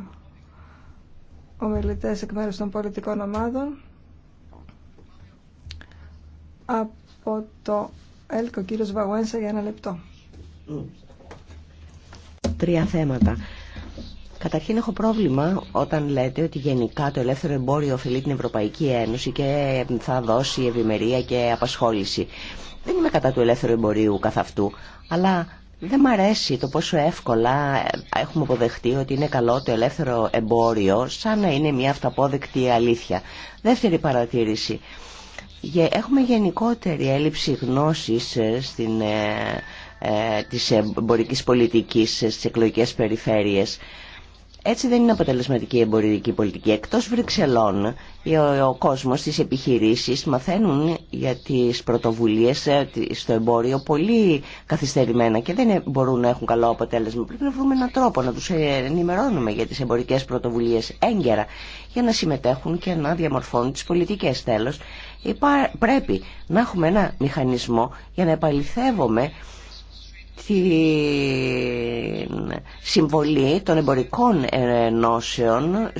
ομιλητές εκ μέρους των πολιτικών ομάδων. Από το έλκο, ο κύριος Βαγουένσα για ένα λεπτό. Τρία θέματα. Καταρχήν έχω πρόβλημα όταν λέτε ότι γενικά το ελεύθερο εμπόριο ωφελεί την Ευρωπαϊκή Ένωση και θα δώσει ευημερία και απασχόληση. Δεν είμαι κατά του ελεύθερου εμπορίου καθ' αυτού, αλλά δεν μ' αρέσει το πόσο εύκολα έχουμε αποδεχτεί ότι είναι καλό το ελεύθερο εμπόριο σαν να είναι μια αυταπόδεκτη αλήθεια. Δεύτερη παρατήρηση. Έχουμε γενικότερη έλλειψη γνώσης ε, στην, ε, ε, της εμπορικής πολιτικής ε, στις εκλογικές περιφέρειες. Έτσι δεν είναι αποτελεσματική η εμπορική πολιτική. Εκτός Βρυξελών, ο κόσμος, τις επιχειρήσεις μαθαίνουν για τις πρωτοβουλίε ε, στο εμπόριο πολύ καθυστερημένα και δεν μπορούν να έχουν καλό αποτέλεσμα. Πρέπει να βρούμε έναν τρόπο να τους ενημερώνουμε για τις εμπορικές πρωτοβουλίε έγκαιρα για να συμμετέχουν και να διαμορφώνουν τι πολιτικέ τέλο. Πρέπει να έχουμε ένα μηχανισμό για να επαληθεύουμε τη συμβολή των εμπορικών ενώσεων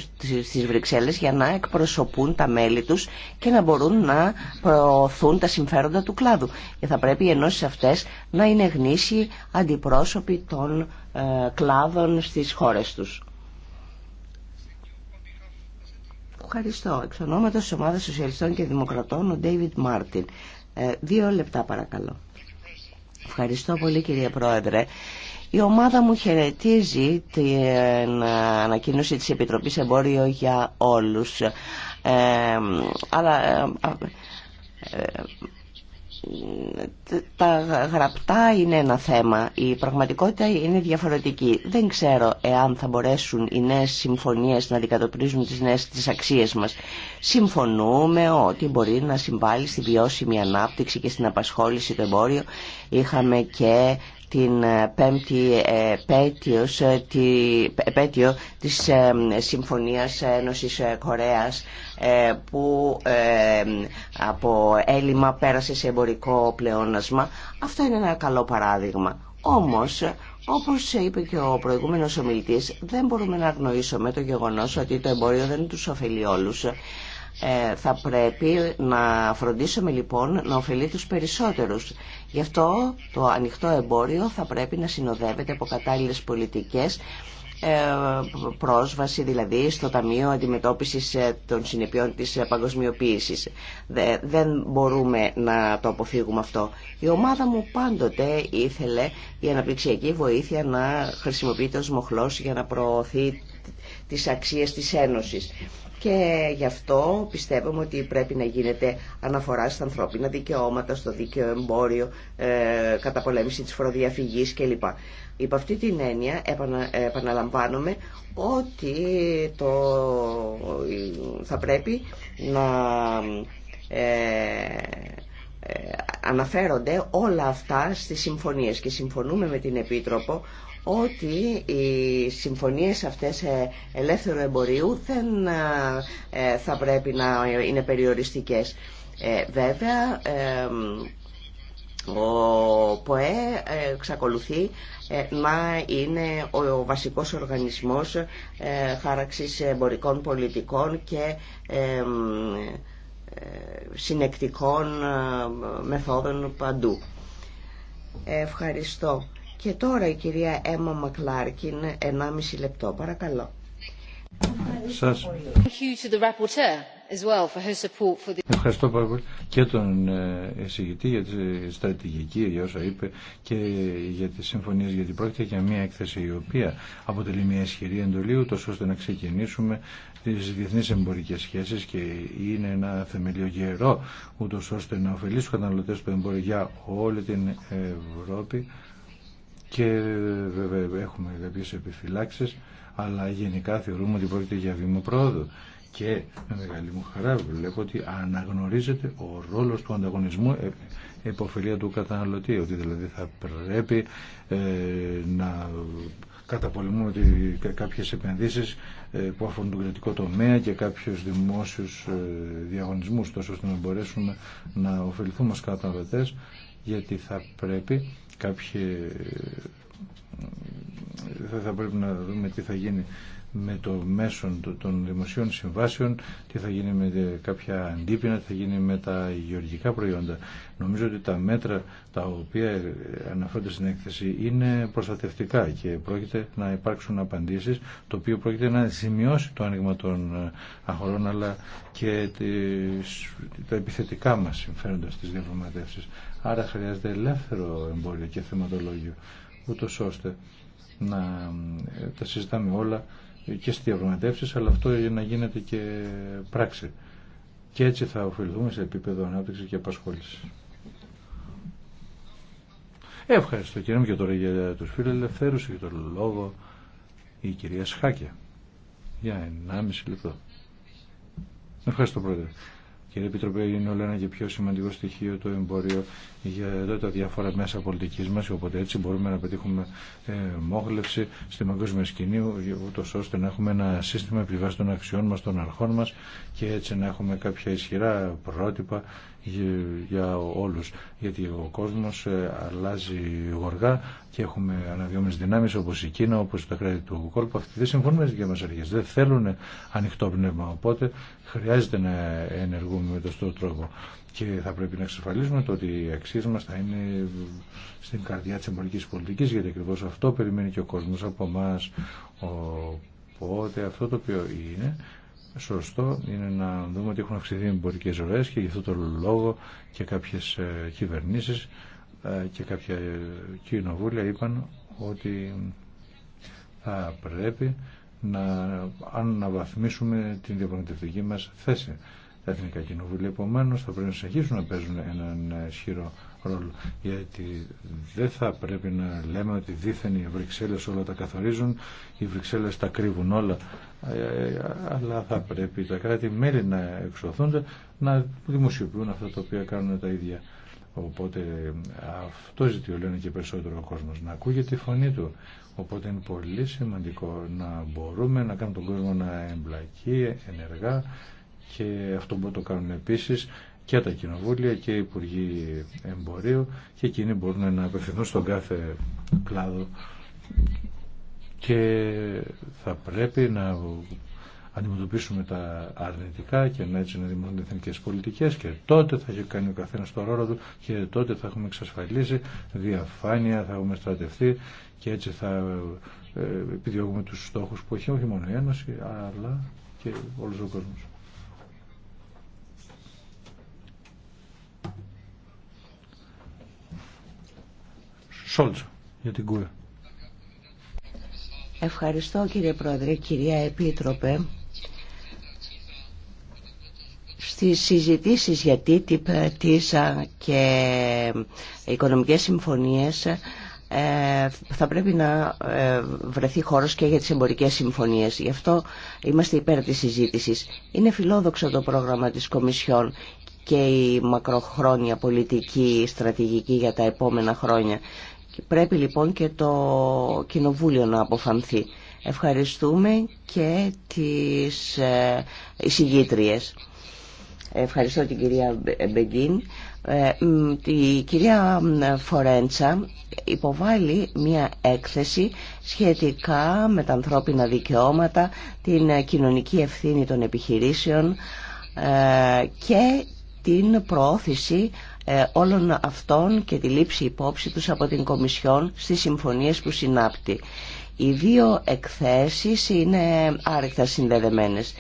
στις Βρυξέλλες για να εκπροσωπούν τα μέλη τους και να μπορούν να προωθούν τα συμφέροντα του κλάδου. Και θα πρέπει οι ενώσεις αυτές να είναι γνήσιοι αντιπρόσωποι των ε, κλάδων στις χώρες τους. Ευχαριστώ. Εξ ονόματος της Ομάδας Σοσιαλιστών και Δημοκρατών, ο Ντέιβιτ Μάρτιν. Ε, δύο λεπτά παρακαλώ. Ευχαριστώ πολύ κύριε Πρόεδρε. Η ομάδα μου χαιρετίζει την ε, ανακοίνωση της Επιτροπής Εμπόριο για όλους. Ε, αλλά ε, τα γραπτά είναι ένα θέμα, η πραγματικότητα είναι διαφορετική. Δεν ξέρω εάν θα μπορέσουν οι νέες συμφωνίες να αντικατοπτρίζουν τις νέες τις αξίες μας. Συμφωνούμε ότι μπορεί να συμβάλλει στη βιώσιμη ανάπτυξη και στην απασχόληση του εμπόριο. Είχαμε και την ε, πέμπτη επέτειος, ε, τη, επέτειο της ε, Συμφωνίας Ένωσης Κορέας που από έλλειμμα πέρασε σε εμπορικό πλεόνασμα. Αυτό είναι ένα καλό παράδειγμα. Όμως, όπως είπε και ο προηγούμενος ομιλητής, δεν μπορούμε να αγνοήσουμε το γεγονός ότι το εμπόριο δεν τους ωφελεί όλους. Ε, θα πρέπει να φροντίσουμε λοιπόν να ωφελεί τους περισσότερους. Γι' αυτό το ανοιχτό εμπόριο θα πρέπει να συνοδεύεται από κατάλληλες πολιτικές ε, πρόσβαση δηλαδή στο Ταμείο Αντιμετώπισης ε, των Συνεπιών της Παγκοσμιοποίησης. Δεν μπορούμε να το αποφύγουμε αυτό. Η ομάδα μου πάντοτε ήθελε η αναπτυξιακή βοήθεια να χρησιμοποιείται ως μοχλός για να προωθεί τις αξίες της Ένωσης και γι' αυτό πιστεύουμε ότι πρέπει να γίνεται αναφορά στα ανθρώπινα δικαιώματα, στο δίκαιο εμπόριο, ε, καταπολέμηση της φοροδιαφυγής κλπ. Υπό αυτή την έννοια επαναλαμβάνομαι ότι το, θα πρέπει να ε, ε, αναφέρονται όλα αυτά στις συμφωνίες και συμφωνούμε με την Επίτροπο ότι οι συμφωνίες αυτές ε, ελεύθερου εμπορίου δεν ε, ε, θα πρέπει να είναι περιοριστικές. Βέβαια, ο ΠΟΕ εξακολουθεί να είναι ο βασικός οργανισμός χάραξης εμπορικών πολιτικών και συνεκτικών μεθόδων παντού. Ευχαριστώ. Και τώρα η κυρία Έμα Μακλάρκιν, 1,5 λεπτό, παρακαλώ. Σας. Ευχαριστώ πάρα πολύ και τον ε, εισηγητή για τη στρατηγική, για όσα είπε και για τις συμφωνίες, την πρόκειται για μια έκθεση η οποία αποτελεί μια ισχυρή εντολή, ούτως ώστε να ξεκινήσουμε τις διεθνείς εμπορικές σχέσεις και είναι ένα θεμελιό γερό, ούτως ώστε να ωφελήσουν καταναλωτές του εμπορίου για όλη την Ευρώπη και βέβαια έχουμε κάποιε επιφυλάξει, αλλά γενικά θεωρούμε ότι πρόκειται για βήμα πρόοδο. Και με μεγάλη μου χαρά βλέπω ότι αναγνωρίζεται ο ρόλο του ανταγωνισμού υποφελία του καταναλωτή, ότι δηλαδή θα πρέπει ε, να καταπολεμούμε κάποιες επενδύσεις ε, που αφορούν τον κρατικό τομέα και κάποιους δημόσιους ε, διαγωνισμούς τόσο ώστε να μπορέσουμε να ωφεληθούμε ως καταναλωτές γιατί θα πρέπει κάποιοι ε, θα, θα πρέπει να δούμε τι θα γίνει με το μέσο των δημοσίων συμβάσεων, τι θα γίνει με κάποια αντίπεινα, τι θα γίνει με τα γεωργικά προϊόντα. Νομίζω ότι τα μέτρα τα οποία αναφέρονται στην έκθεση είναι προστατευτικά και πρόκειται να υπάρξουν απαντήσεις, το οποίο πρόκειται να σημειώσει το άνοιγμα των ε, αγορών, αλλά και τις, τα επιθετικά μας συμφέροντα στις διαπραγματεύσεις. Άρα χρειάζεται ελεύθερο εμπόριο και θεματολόγιο, ούτως ώστε να ε, τα συζητάμε όλα και στις διαπραγματεύσεις, αλλά αυτό για να γίνεται και πράξη. Και έτσι θα ωφεληθούμε σε επίπεδο ανάπτυξης και απασχόλησης. Ευχαριστώ κύριε μου και τώρα για τους ελευθέρους και τον λόγο η κυρία Σχάκια. Για 1,5 λεπτό. Ευχαριστώ πρόεδρε. Κύριε Επιτροπέ, είναι όλο ένα και πιο σημαντικό στοιχείο το εμπόριο για τα διάφορα μέσα πολιτικής μας οπότε έτσι μπορούμε να πετύχουμε ε, μόγλευση στη παγκόσμια σκηνή ούτως ώστε να έχουμε ένα σύστημα επιβάσει των αξιών μας, των αρχών μας και έτσι να έχουμε κάποια ισχυρά πρότυπα για όλους γιατί ο κόσμος ε, αλλάζει γοργά και έχουμε αναδυόμενες δυνάμεις όπως η Κίνα, όπως τα κράτη του κόλπου αυτοί δεν συμφωνούν με τις δικές μας αρχές δεν θέλουν ανοιχτό πνεύμα οπότε χρειάζεται να ενεργούμε με τον τρόπο και θα πρέπει να εξασφαλίσουμε το ότι οι αξίε μα θα είναι στην καρδιά τη εμπορική πολιτική, γιατί ακριβώ αυτό περιμένει και ο κόσμο από εμά. Οπότε αυτό το οποίο είναι σωστό είναι να δούμε ότι έχουν αυξηθεί οι εμπορικέ ροέ και γι' αυτό το λόγο και κάποιε κυβερνήσει ε, και κάποια κοινοβούλια είπαν ότι θα πρέπει να αναβαθμίσουμε την διαπραγματευτική μας θέση. Εθνικά Κοινοβούλια. Επομένω, θα πρέπει να συνεχίσουν να παίζουν έναν ισχυρό ρόλο. Γιατί δεν θα πρέπει να λέμε ότι δίθεν οι Βρυξέλλε όλα τα καθορίζουν, οι Βρυξέλλε τα κρύβουν όλα. Ε, ε, ε, αλλά θα πρέπει τα κράτη-μέλη να εξωθούνται, να δημοσιοποιούν αυτά τα οποία κάνουν τα ίδια. Οπότε αυτό ζητεί ο λένε και περισσότερο ο κόσμος, να ακούγεται τη φωνή του. Οπότε είναι πολύ σημαντικό να μπορούμε να κάνουμε τον κόσμο να εμπλακεί ενεργά και αυτό μπορεί να το κάνουν επίσης και τα κοινοβούλια και οι υπουργοί εμπορίου και εκείνοι μπορούν να απευθυνθούν στον κάθε κλάδο και θα πρέπει να αντιμετωπίσουμε τα αρνητικά και να έτσι να δημιουργούνται εθνικές πολιτικές και τότε θα έχει κάνει ο καθένας το ρόλο του και τότε θα έχουμε εξασφαλίσει διαφάνεια, θα έχουμε στρατευτεί και έτσι θα ε, επιδιώκουμε τους στόχους που έχει όχι μόνο η Ένωση αλλά και όλος ο κόσμος. Σόλτσο για την Ευχαριστώ κύριε Πρόεδρε, κυρία Επίτροπε. Στις συζητήσεις για TTIP, TISA και οικονομικές συμφωνίες ε, θα πρέπει να ε, βρεθεί χώρος και για τις εμπορικές συμφωνίες. Γι' αυτό είμαστε υπέρ της συζήτησης. Είναι φιλόδοξο το πρόγραμμα της Κομισιόν και η μακροχρόνια πολιτική στρατηγική για τα επόμενα χρόνια. Πρέπει λοιπόν και το Κοινοβούλιο να αποφανθεί. Ευχαριστούμε και τις ε, εισηγήτριες. Ευχαριστώ την κυρία Μπεγκίν. Ε, Η κυρία Φορέντσα υποβάλλει μια έκθεση σχετικά με τα ανθρώπινα δικαιώματα, την κοινωνική ευθύνη των επιχειρήσεων ε, και την προώθηση ε, όλων αυτών και τη λήψη υπόψη τους από την Κομισιόν στις συμφωνίες που συνάπτει. Οι δύο εκθέσεις είναι άρρηκτα συνδεδεμένες.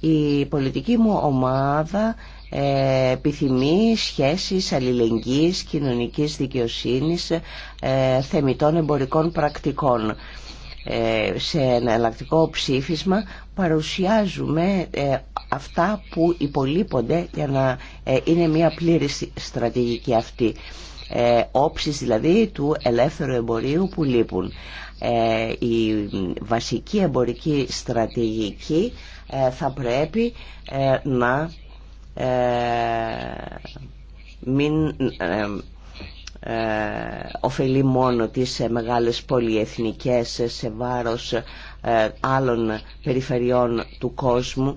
Η πολιτική μου ομάδα ε, επιθυμεί σχέσεις αλληλεγγύης, κοινωνικής δικαιοσύνης, ε, θεμητών εμπορικών πρακτικών. Ε, σε εναλλακτικό ψήφισμα παρουσιάζουμε ε, αυτά που υπολείπονται για να ε, είναι μια πλήρη στρατηγική αυτή. Όψεις δηλαδή του ελεύθερου εμπορίου που λείπουν. Η βασική εμπορική στρατηγική θα πρέπει να μην ε, ωφελεί μόνο τις ε, μεγάλες πολυεθνικές ε, σε βάρος ε, άλλων περιφερειών του κόσμου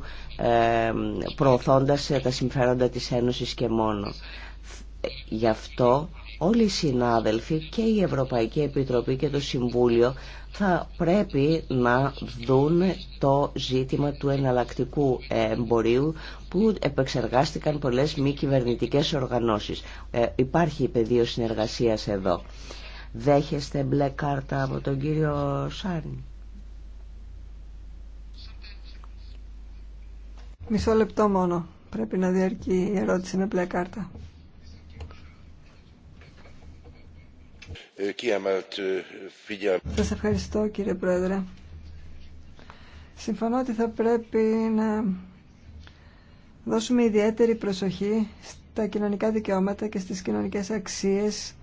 προωθώντας τα συμφέροντα της Ένωσης και μόνο. Γι' αυτό όλοι οι συνάδελφοι και η Ευρωπαϊκή Επιτροπή και το Συμβούλιο θα πρέπει να δουν το ζήτημα του εναλλακτικού εμπορίου που επεξεργάστηκαν πολλές μη κυβερνητικέ οργανώσεις. Ε, υπάρχει πεδίο συνεργασίας εδώ. Δέχεστε μπλε κάρτα από τον κύριο Σάρνι. Μισό λεπτό μόνο. Πρέπει να διαρκεί η ερώτηση με μπλε κάρτα. Σας ευχαριστώ κύριε Πρόεδρε. Συμφωνώ ότι θα πρέπει να δώσουμε ιδιαίτερη προσοχή στα κοινωνικά δικαιώματα και στις κοινωνικές αξίες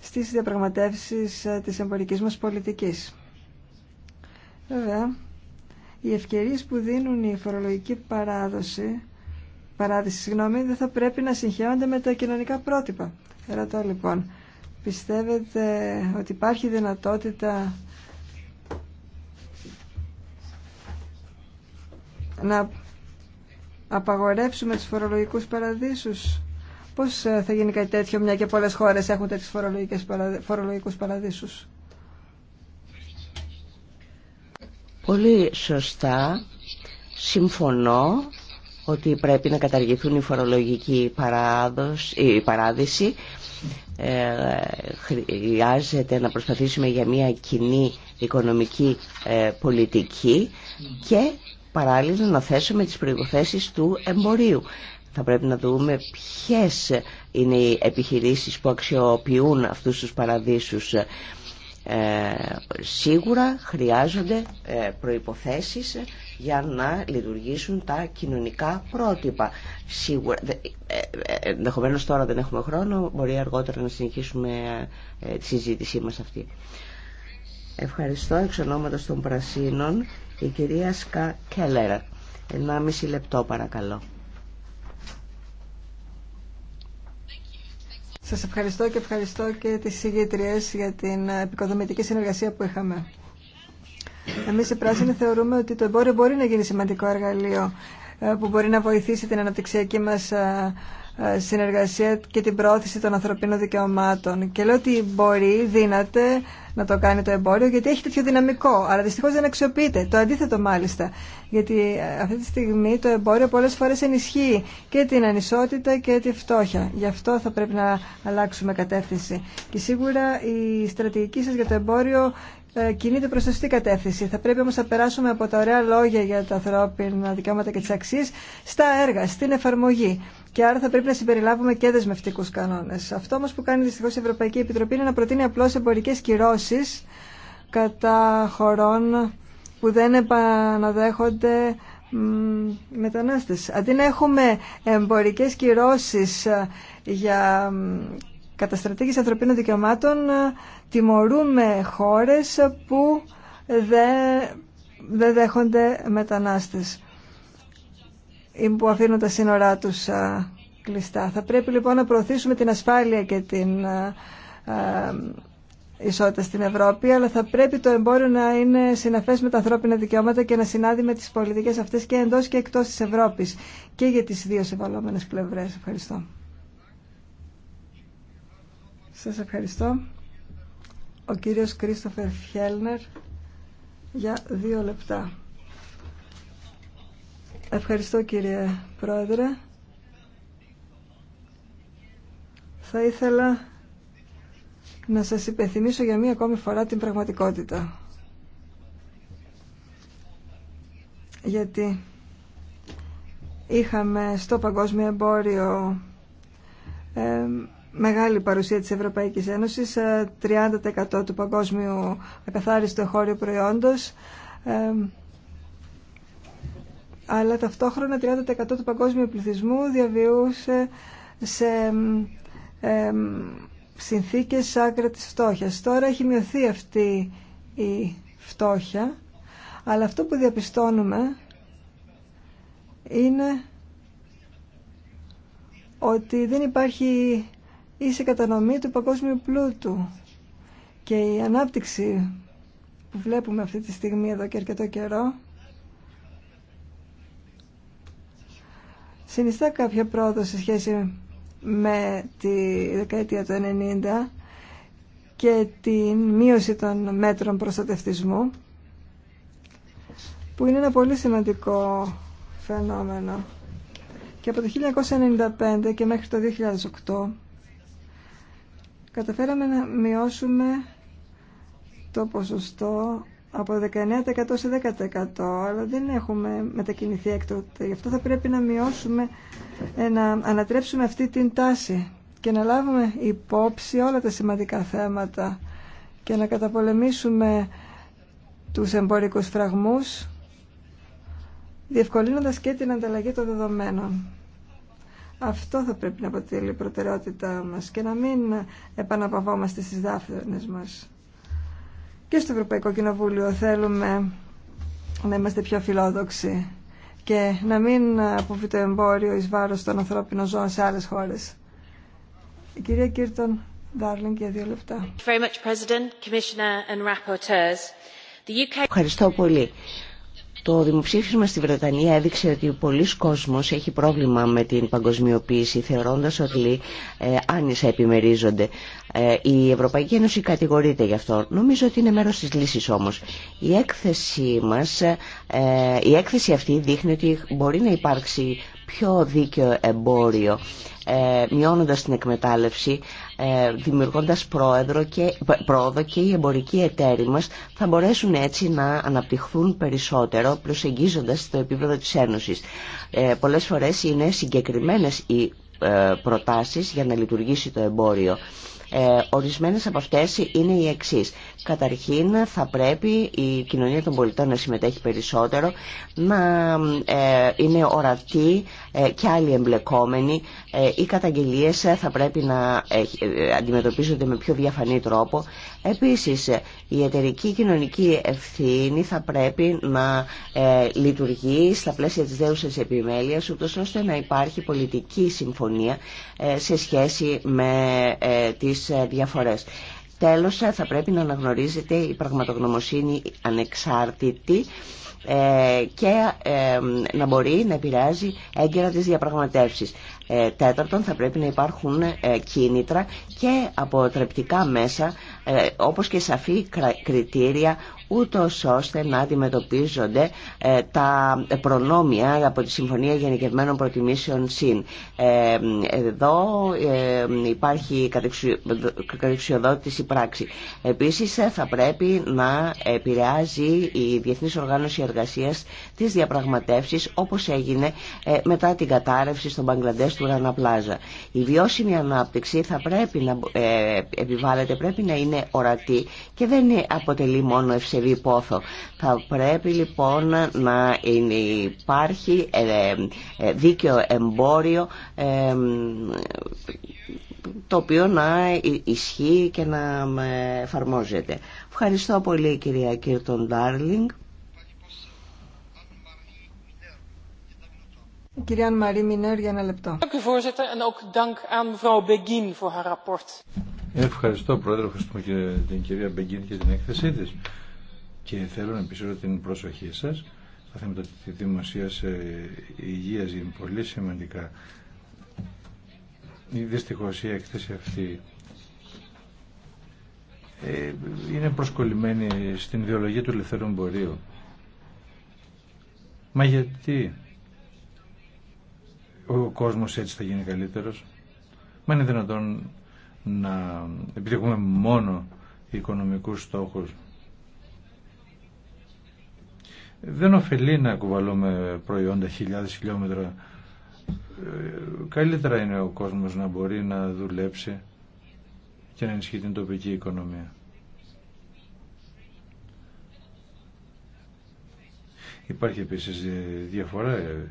στις διαπραγματεύσεις ε, της εμπορικής μας πολιτικής. Βέβαια, οι ευκαιρίες που δίνουν η φορολογική παράδοση, παράδοση συγγνώμη, δεν θα πρέπει να συγχέονται με τα κοινωνικά πρότυπα. λοιπόν, Πιστεύετε ότι υπάρχει δυνατότητα να απαγορεύσουμε τους φορολογικούς παραδείσους. Πώς ε, θα γίνει κάτι τέτοιο, μια και πολλές χώρες έχουν τέτοιους φορολογικές φορολογικούς παραδείσους. Πολύ σωστά. Συμφωνώ ότι πρέπει να καταργηθούν οι φορολογικοί παράδοση, η παράδειση. Ε, χρειάζεται να προσπαθήσουμε για μια κοινή οικονομική ε, πολιτική και παράλληλα να θέσουμε τις προϋποθέσεις του εμπορίου. Θα πρέπει να δούμε ποιες είναι οι επιχειρήσεις που αξιοποιούν αυτούς τους παραδείσους. Ε, σίγουρα χρειάζονται ε, προϋποθέσεις για να λειτουργήσουν τα κοινωνικά πρότυπα. Σίγουρα, ε, ε, ενδεχομένω τώρα δεν έχουμε χρόνο, μπορεί αργότερα να συνεχίσουμε ε, τη συζήτησή μας αυτή. Ευχαριστώ εξ ονόματος των Πρασίνων η κυρία Σκα Κέλερ. 1,5 λεπτό παρακαλώ. Σας ευχαριστώ και ευχαριστώ και τις συγγετριές για την επικοδομητική συνεργασία που είχαμε. Εμεί οι πράσινοι θεωρούμε ότι το εμπόριο μπορεί να γίνει σημαντικό εργαλείο ε, που μπορεί να βοηθήσει την αναπτυξιακή μα ε, ε, συνεργασία και την πρόθεση των ανθρωπίνων δικαιωμάτων. Και λέω ότι μπορεί, δύναται να το κάνει το εμπόριο γιατί έχει τέτοιο δυναμικό. Αλλά δυστυχώ δεν αξιοποιείται. Το αντίθετο μάλιστα. Γιατί αυτή τη στιγμή το εμπόριο πολλέ φορέ ενισχύει και την ανισότητα και τη φτώχεια. Γι' αυτό θα πρέπει να αλλάξουμε κατεύθυνση. Και σίγουρα η στρατηγική σα για το εμπόριο ε, κινείται τη σωστή κατεύθυνση. Θα πρέπει όμω να περάσουμε από τα ωραία λόγια για τα ανθρώπινα δικαιώματα και τι αξίε στα έργα, στην εφαρμογή. Και άρα θα πρέπει να συμπεριλάβουμε και δεσμευτικού κανόνε. Αυτό όμω που κάνει δυστυχώ η Ευρωπαϊκή Επιτροπή είναι να προτείνει απλώ εμπορικέ κυρώσει κατά χωρών που δεν επαναδέχονται μετανάστες. Αντί να έχουμε εμπορικές κυρώσεις ε, για καταστρατήγηση ανθρωπίνων δικαιωμάτων τιμωρούμε χώρες που δεν, δέχονται μετανάστες ή που αφήνουν τα σύνορά τους κλειστά. Θα πρέπει λοιπόν να προωθήσουμε την ασφάλεια και την ισότητα στην Ευρώπη, αλλά θα πρέπει το εμπόριο να είναι συναφές με τα ανθρώπινα δικαιώματα και να συνάδει με τις πολιτικές αυτές και εντός και εκτός της Ευρώπης και για τις δύο συμβαλόμενες πλευρές. Ευχαριστώ. Σας ευχαριστώ ο κύριος Κρίστοφερ Φιέλνερ για δύο λεπτά. Ευχαριστώ κύριε Πρόεδρε. Θα ήθελα να σας υπενθυμίσω για μία ακόμη φορά την πραγματικότητα. Γιατί είχαμε στο παγκόσμιο εμπόριο μεγάλη παρουσία της Ευρωπαϊκής Ένωσης, 30% ε, του παγκόσμιου ακαθάριστο χώριου προϊόντος, ε, αλλά ταυτόχρονα 30% του παγκόσμιου πληθυσμού διαβιούσε σε ε, συνθήκες άκρα της φτώχειας. Τώρα έχει μειωθεί αυτή η φτώχεια, αλλά αυτό που διαπιστώνουμε είναι ότι δεν υπάρχει σε κατανομή του παγκόσμιου πλούτου. Και η ανάπτυξη που βλέπουμε αυτή τη στιγμή εδώ και αρκετό καιρό συνιστά κάποια πρόοδο σε σχέση με τη δεκαετία του 90 και την μείωση των μέτρων προστατευτισμού που είναι ένα πολύ σημαντικό φαινόμενο. Και από το 1995 και μέχρι το 2008 καταφέραμε να μειώσουμε το ποσοστό από 19% σε 10% αλλά δεν έχουμε μετακινηθεί έκτοτε. Γι' αυτό θα πρέπει να μειώσουμε, ε, να ανατρέψουμε αυτή την τάση και να λάβουμε υπόψη όλα τα σημαντικά θέματα και να καταπολεμήσουμε τους εμπορικούς φραγμούς διευκολύνοντας και την ανταλλαγή των δεδομένων. Αυτό θα πρέπει να αποτελεί προτεραιότητά μας και να μην επαναπαυόμαστε στις δάφνες μας. Και στο Ευρωπαϊκό Κοινοβούλιο θέλουμε να είμαστε πιο φιλόδοξοι και να μην αποβεί το εμπόριο εις βάρος των ανθρώπινων ζώων σε άλλες χώρες. Η κυρία Κίρτον Darling, για δύο λεπτά. Ευχαριστώ πολύ. Το δημοψήφισμα στη Βρετανία έδειξε ότι πολλοί κόσμος έχει πρόβλημα με την παγκοσμιοποίηση, θεωρώντας ότι ε, άνισα επιμερίζονται. Ε, η Ευρωπαϊκή Ένωση κατηγορείται γι' αυτό. Νομίζω ότι είναι μέρος της λύσης όμως. Η έκθεση, μας, ε, η έκθεση αυτή δείχνει ότι μπορεί να υπάρξει πιο δίκαιο εμπόριο, ε, μειώνοντας την εκμετάλλευση, ε, δημιουργώντας πρόεδρο και, πρόοδο και οι εμπορικοί εταίροι μας θα μπορέσουν έτσι να αναπτυχθούν περισσότερο προσεγγίζοντας το επίπεδο της Ένωσης. Ε, πολλές φορές είναι συγκεκριμένες οι προτάσεις για να λειτουργήσει το εμπόριο. Ε, ορισμένες από αυτές είναι οι εξή. Καταρχήν θα πρέπει η κοινωνία των πολιτών να συμμετέχει περισσότερο, να ε, είναι ορατή ε, και άλλοι εμπλεκόμενοι. Ε, οι καταγγελίες ε, θα πρέπει να αντιμετωπίζονται με πιο διαφανή τρόπο. Επίσης, η εταιρική κοινωνική ευθύνη θα πρέπει να λειτουργεί στα πλαίσια της δέουσας επιμέλειας, ούτως ώστε να υπάρχει πολιτική συμφωνία σε σχέση με τις διαφορές. Τέλος, θα πρέπει να αναγνωρίζεται η πραγματογνωμοσύνη ανεξάρτητη ε, και ε, να μπορεί να επηρεάζει έγκαιρα τις διαπραγματεύσεις. Ε, τέταρτον, θα πρέπει να υπάρχουν κίνητρα και αποτρεπτικά μέσα, όπως και σαφή κριτήρια ούτω ώστε να αντιμετωπίζονται ε, τα προνόμια από τη Συμφωνία Γενικευμένων Προτιμήσεων ΣΥΝ. Ε, εδώ ε, υπάρχει κατεξιοδότηση πράξη. Επίσης θα πρέπει να επηρεάζει η Διεθνής Οργάνωση Εργασίας τις διαπραγματεύσεις όπως έγινε μετά την κατάρρευση στον Μπαγκλαντές του Ραναπλάζα. Η βιώσιμη ανάπτυξη θα πρέπει να επιβάλλεται, πρέπει να είναι ορατή και δεν αποτελεί μόνο ευσεβή θα πρέπει λοιπόν να υπάρχει ε, ε, δίκαιο εμπόριο ε, το οποίο να ισχύει και να εφαρμόζεται. Ευχαριστώ πολύ κυρία Κίρτον Ντάρλινγκ. Κυρία Μαρή Μινέρ, για ένα λεπτό. Ευχαριστώ, Πρόεδρε. Ευχαριστούμε και την κυρία Μπεγκίν και την έκθεσή της και θέλω να επισύρω την προσοχή σας Τα θέματα της δημοσίας ε, υγείας είναι πολύ σημαντικά. Δυστυχώς η έκθεση αυτή ε, είναι προσκολλημένη στην ιδεολογία του ελευθερού εμπορίου. Μα γιατί ο κόσμος έτσι θα γίνει καλύτερος. Μα είναι δυνατόν να επιτυχούμε μόνο οικονομικού οικονομικούς στόχους. Δεν ωφελεί να κουβαλούμε προϊόντα χιλιάδες χιλιόμετρα. Ε, καλύτερα είναι ο κόσμος να μπορεί να δουλέψει και να ενισχύει την τοπική οικονομία. Υπάρχει επίσης διαφορά ε,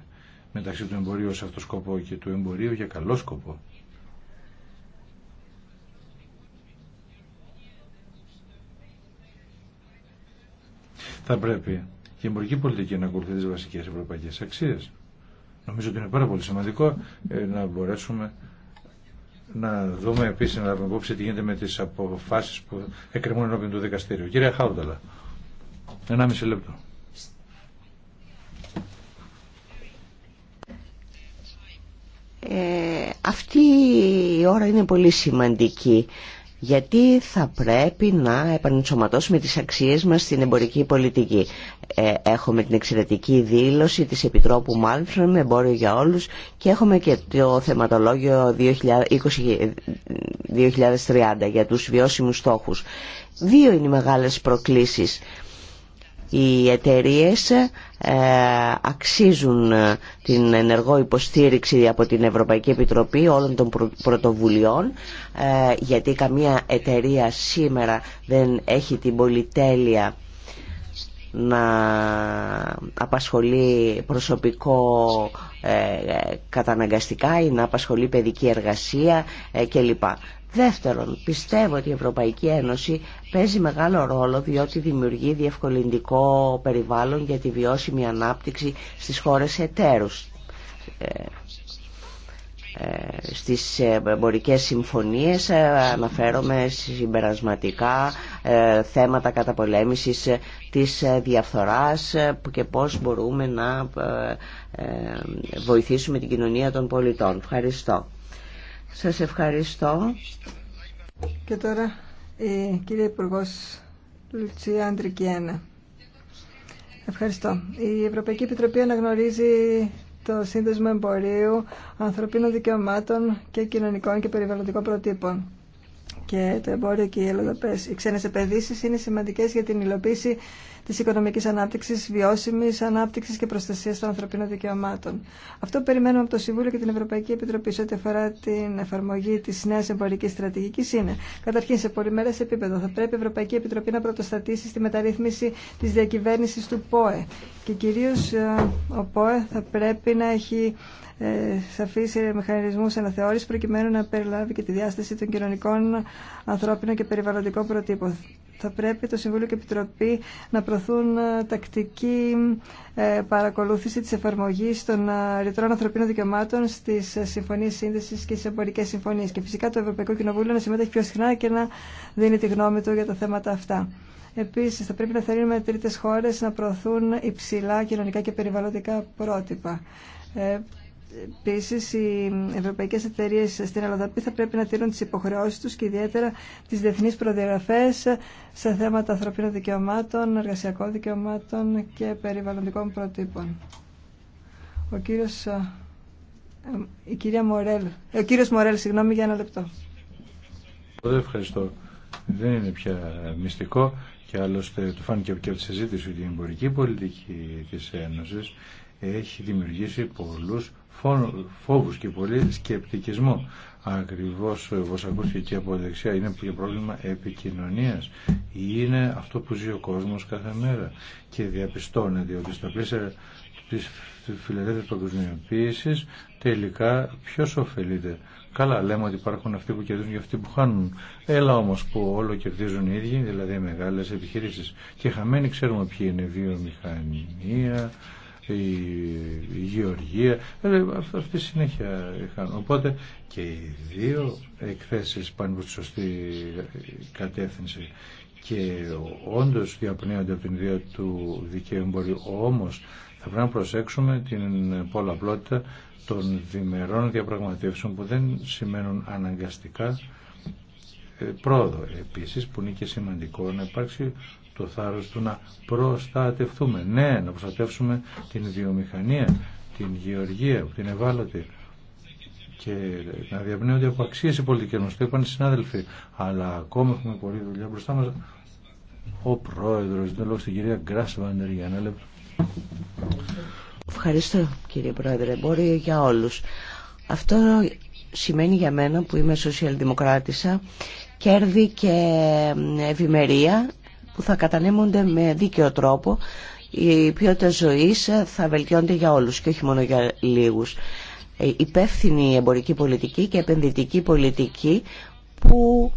μεταξύ του εμπορίου σε αυτό σκοπό και του εμπορίου για καλό σκοπό. Θα πρέπει και η εμπορική πολιτική να ακολουθεί τι βασικέ ευρωπαϊκέ αξίε. Νομίζω ότι είναι πάρα πολύ σημαντικό ε, να μπορέσουμε να δούμε επίση να λάβουμε υπόψη τι γίνεται με τι αποφάσει που εκκρεμούν ενώπιον του δικαστήριου. Κύριε Χάουταλα, μισή λεπτό. Ε, αυτή η ώρα είναι πολύ σημαντική γιατί θα πρέπει να επανενσωματώσουμε τις αξίες μας στην εμπορική πολιτική. έχουμε την εξαιρετική δήλωση της Επιτρόπου με εμπόριο για όλους και έχουμε και το θεματολόγιο 2020-2030 για τους βιώσιμους στόχους. Δύο είναι οι μεγάλες προκλήσεις οι εταιρείε ε, αξίζουν ε, την ενεργό υποστήριξη από την Ευρωπαϊκή Επιτροπή όλων των πρωτοβουλειών ε, γιατί καμία εταιρεία σήμερα δεν έχει την πολυτέλεια να απασχολεί προσωπικό καταναγκαστικά ή να απασχολεί παιδική εργασία κλπ. Δεύτερον, πιστεύω ότι η Ευρωπαϊκή Ένωση παίζει μεγάλο ρόλο διότι δημιουργεί διευκολυντικό περιβάλλον για τη βιώσιμη ανάπτυξη στις χώρες εταίρους ε, ε, στις εμπορικέ συμφωνίες ε, αναφέρομαι συμπερασματικά θέματα καταπολέμησης της διαφθοράς και πώς μπορούμε να βοηθήσουμε την κοινωνία των πολιτών. Ευχαριστώ. Σας ευχαριστώ. Και τώρα η κυρία Υπουργό Λουτσία Αντρικιένα. Ευχαριστώ. Η Ευρωπαϊκή Επιτροπή αναγνωρίζει το σύνδεσμο εμπορίου ανθρωπίνων δικαιωμάτων και κοινωνικών και περιβαλλοντικών προτύπων. Και το εμπόριο και οι, οι ξένες επενδύσεις είναι σημαντικές για την υλοποίηση τη οικονομική ανάπτυξη, βιώσιμη, ανάπτυξη και προστασία των ανθρωπίνων δικαιωμάτων. Αυτό περιμένουμε από το Συμβούλιο και την Ευρωπαϊκή Επιτροπή σε ό,τι αφορά την εφαρμογή τη νέα εμπορική στρατηγική, είναι. Καταρχήν σε πολυμέρες επίπεδο θα πρέπει η Ευρωπαϊκή Επιτροπή να πρωτοστατήσει στη μεταρρύθμιση τη διακυβέρνηση του ΠΟΕ και κυρίω ε, ο ΠΟΕ θα πρέπει να έχει ε, σαφείς μηχανισμούς αναθεώρησης προκειμένου να περιλάβει και τη διάσταση των κοινωνικών, ανθρώπινων και περιβαλλοντικών προτύπων θα πρέπει το Συμβούλιο και η Επιτροπή να προωθούν ε, τακτική ε, παρακολούθηση της εφαρμογής των ε, ρητρών ανθρωπίνων δικαιωμάτων στις συμφωνίες σύνδεσης και στις εμπορικές συμφωνίες. Και φυσικά το Ευρωπαϊκό Κοινοβούλιο να συμμετέχει πιο συχνά και να δίνει τη γνώμη του για τα θέματα αυτά. Επίσης, θα πρέπει να θέλουμε τρίτες χώρες να προωθούν υψηλά κοινωνικά και περιβαλλοντικά πρότυπα Επίση, οι ευρωπαϊκέ εταιρείε στην Ελλοδαπή θα πρέπει να τηρούν τι υποχρεώσει του και ιδιαίτερα τι διεθνεί προδιαγραφέ σε θέματα ανθρωπίνων δικαιωμάτων, εργασιακών δικαιωμάτων και περιβαλλοντικών προτύπων. Ο κύριος, ε, η κυρία Μορέλ, ε, ο Μορέλ, συγγνώμη για ένα λεπτό. Ευχαριστώ. Δεν είναι πια μυστικό και άλλωστε το φάνηκε και από τη συζήτηση ότι η εμπορική πολιτική της Ένωσης έχει δημιουργήσει πολλούς φόβους και πολύ σκεπτικισμό. Ακριβώς ε, όπως ακούστηκε και από δεξιά είναι και πρόβλημα επικοινωνίας. Είναι αυτό που ζει ο κόσμος κάθε μέρα και διαπιστώνεται ότι στα πλαίσια της φιλελεύθερης παγκοσμιοποίησης τελικά ποιος ωφελείται. Καλά λέμε ότι υπάρχουν αυτοί που κερδίζουν και αυτοί που χάνουν. Έλα όμως που όλο κερδίζουν οι ίδιοι, δηλαδή οι μεγάλες επιχειρήσεις. Και χαμένοι ξέρουμε ποιοι είναι βιομηχανία, η γεωργία, ε, αυτή συνέχεια είχαν. Οπότε και οι δύο εκθέσεις πάνε προς τη σωστή κατεύθυνση και όντως διαπνέονται από την ιδέα του δικαίου εμπορίου. Όμως θα πρέπει να προσέξουμε την πολλαπλότητα των δημερών διαπραγματεύσεων που δεν σημαίνουν αναγκαστικά ε, πρόοδο. Επίσης που είναι και σημαντικό να υπάρξει το θάρρος του να προστατευτούμε. Ναι, να προστατεύσουμε την βιομηχανία, την γεωργία, την ευάλωτη και να διαπνέονται από αξίες οι πολιτικές μας. Το είπαν οι συνάδελφοι, αλλά ακόμα έχουμε πολλή δουλειά μπροστά μας. Ο πρόεδρος, δεν λόγω στην κυρία Γκράσβαντερ για ένα λεπτό. Ευχαριστώ κύριε πρόεδρε, μπορεί για όλους. Αυτό σημαίνει για μένα που είμαι σοσιαλδημοκράτησα κέρδη και ευημερία που θα κατανέμονται με δίκαιο τρόπο η ποιότητα ζωής θα βελτιώνεται για όλους και όχι μόνο για λίγους. Ε, υπεύθυνη εμπορική πολιτική και επενδυτική πολιτική που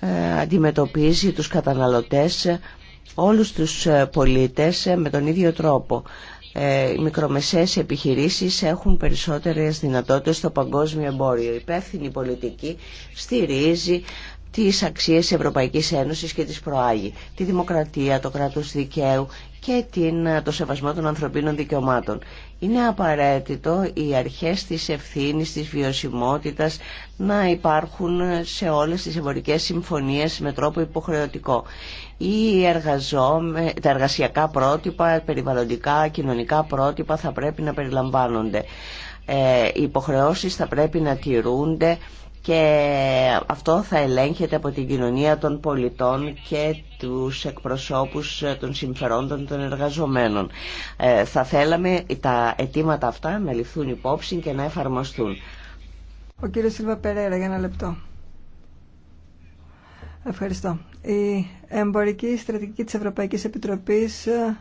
ε, αντιμετωπίζει τους καταναλωτές, όλους τους ε, πολίτες με τον ίδιο τρόπο. Οι μικρομεσαίες επιχειρήσεις έχουν περισσότερες δυνατότητες στο παγκόσμιο εμπόριο. Η υπεύθυνη πολιτική στηρίζει τις αξίες Ευρωπαϊκής Ένωσης και τι προάγει, τη δημοκρατία, το κράτος δικαίου και την, το σεβασμό των ανθρωπίνων δικαιωμάτων. Είναι απαραίτητο οι αρχές της ευθύνης, της βιωσιμότητα να υπάρχουν σε όλες τις εμπορικέ συμφωνίες με τρόπο υποχρεωτικό. Οι τα εργασιακά πρότυπα, περιβαλλοντικά, κοινωνικά πρότυπα θα πρέπει να περιλαμβάνονται. Ε, οι υποχρεώσεις θα πρέπει να τηρούνται και αυτό θα ελέγχεται από την κοινωνία των πολιτών και τους εκπροσώπους των συμφερόντων των εργαζομένων. Ε, θα θέλαμε τα αιτήματα αυτά να ληφθούν υπόψη και να εφαρμοστούν. Ο κύριος Σίλβα Περέρα για ένα λεπτό. Ευχαριστώ. Η εμπορική στρατηγική της Ευρωπαϊκής Επιτροπής ε,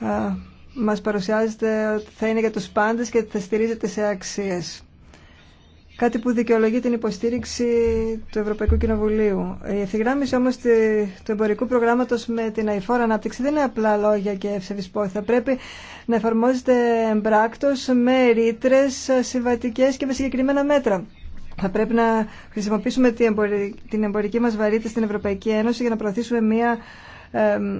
ε, μας παρουσιάζεται ότι θα είναι για τους πάντες και θα στηρίζεται σε αξίες κάτι που δικαιολογεί την υποστήριξη του Ευρωπαϊκού Κοινοβουλίου. Η ευθυγράμμιση όμω του εμπορικού προγράμματο με την αηφόρα ανάπτυξη δεν είναι απλά λόγια και πόθη. Θα πρέπει να εφαρμόζεται εμπράκτο με ρήτρε συμβατικέ και με συγκεκριμένα μέτρα. Θα πρέπει να χρησιμοποιήσουμε την εμπορική μα βαρύτητα στην Ευρωπαϊκή Ένωση για να προωθήσουμε μια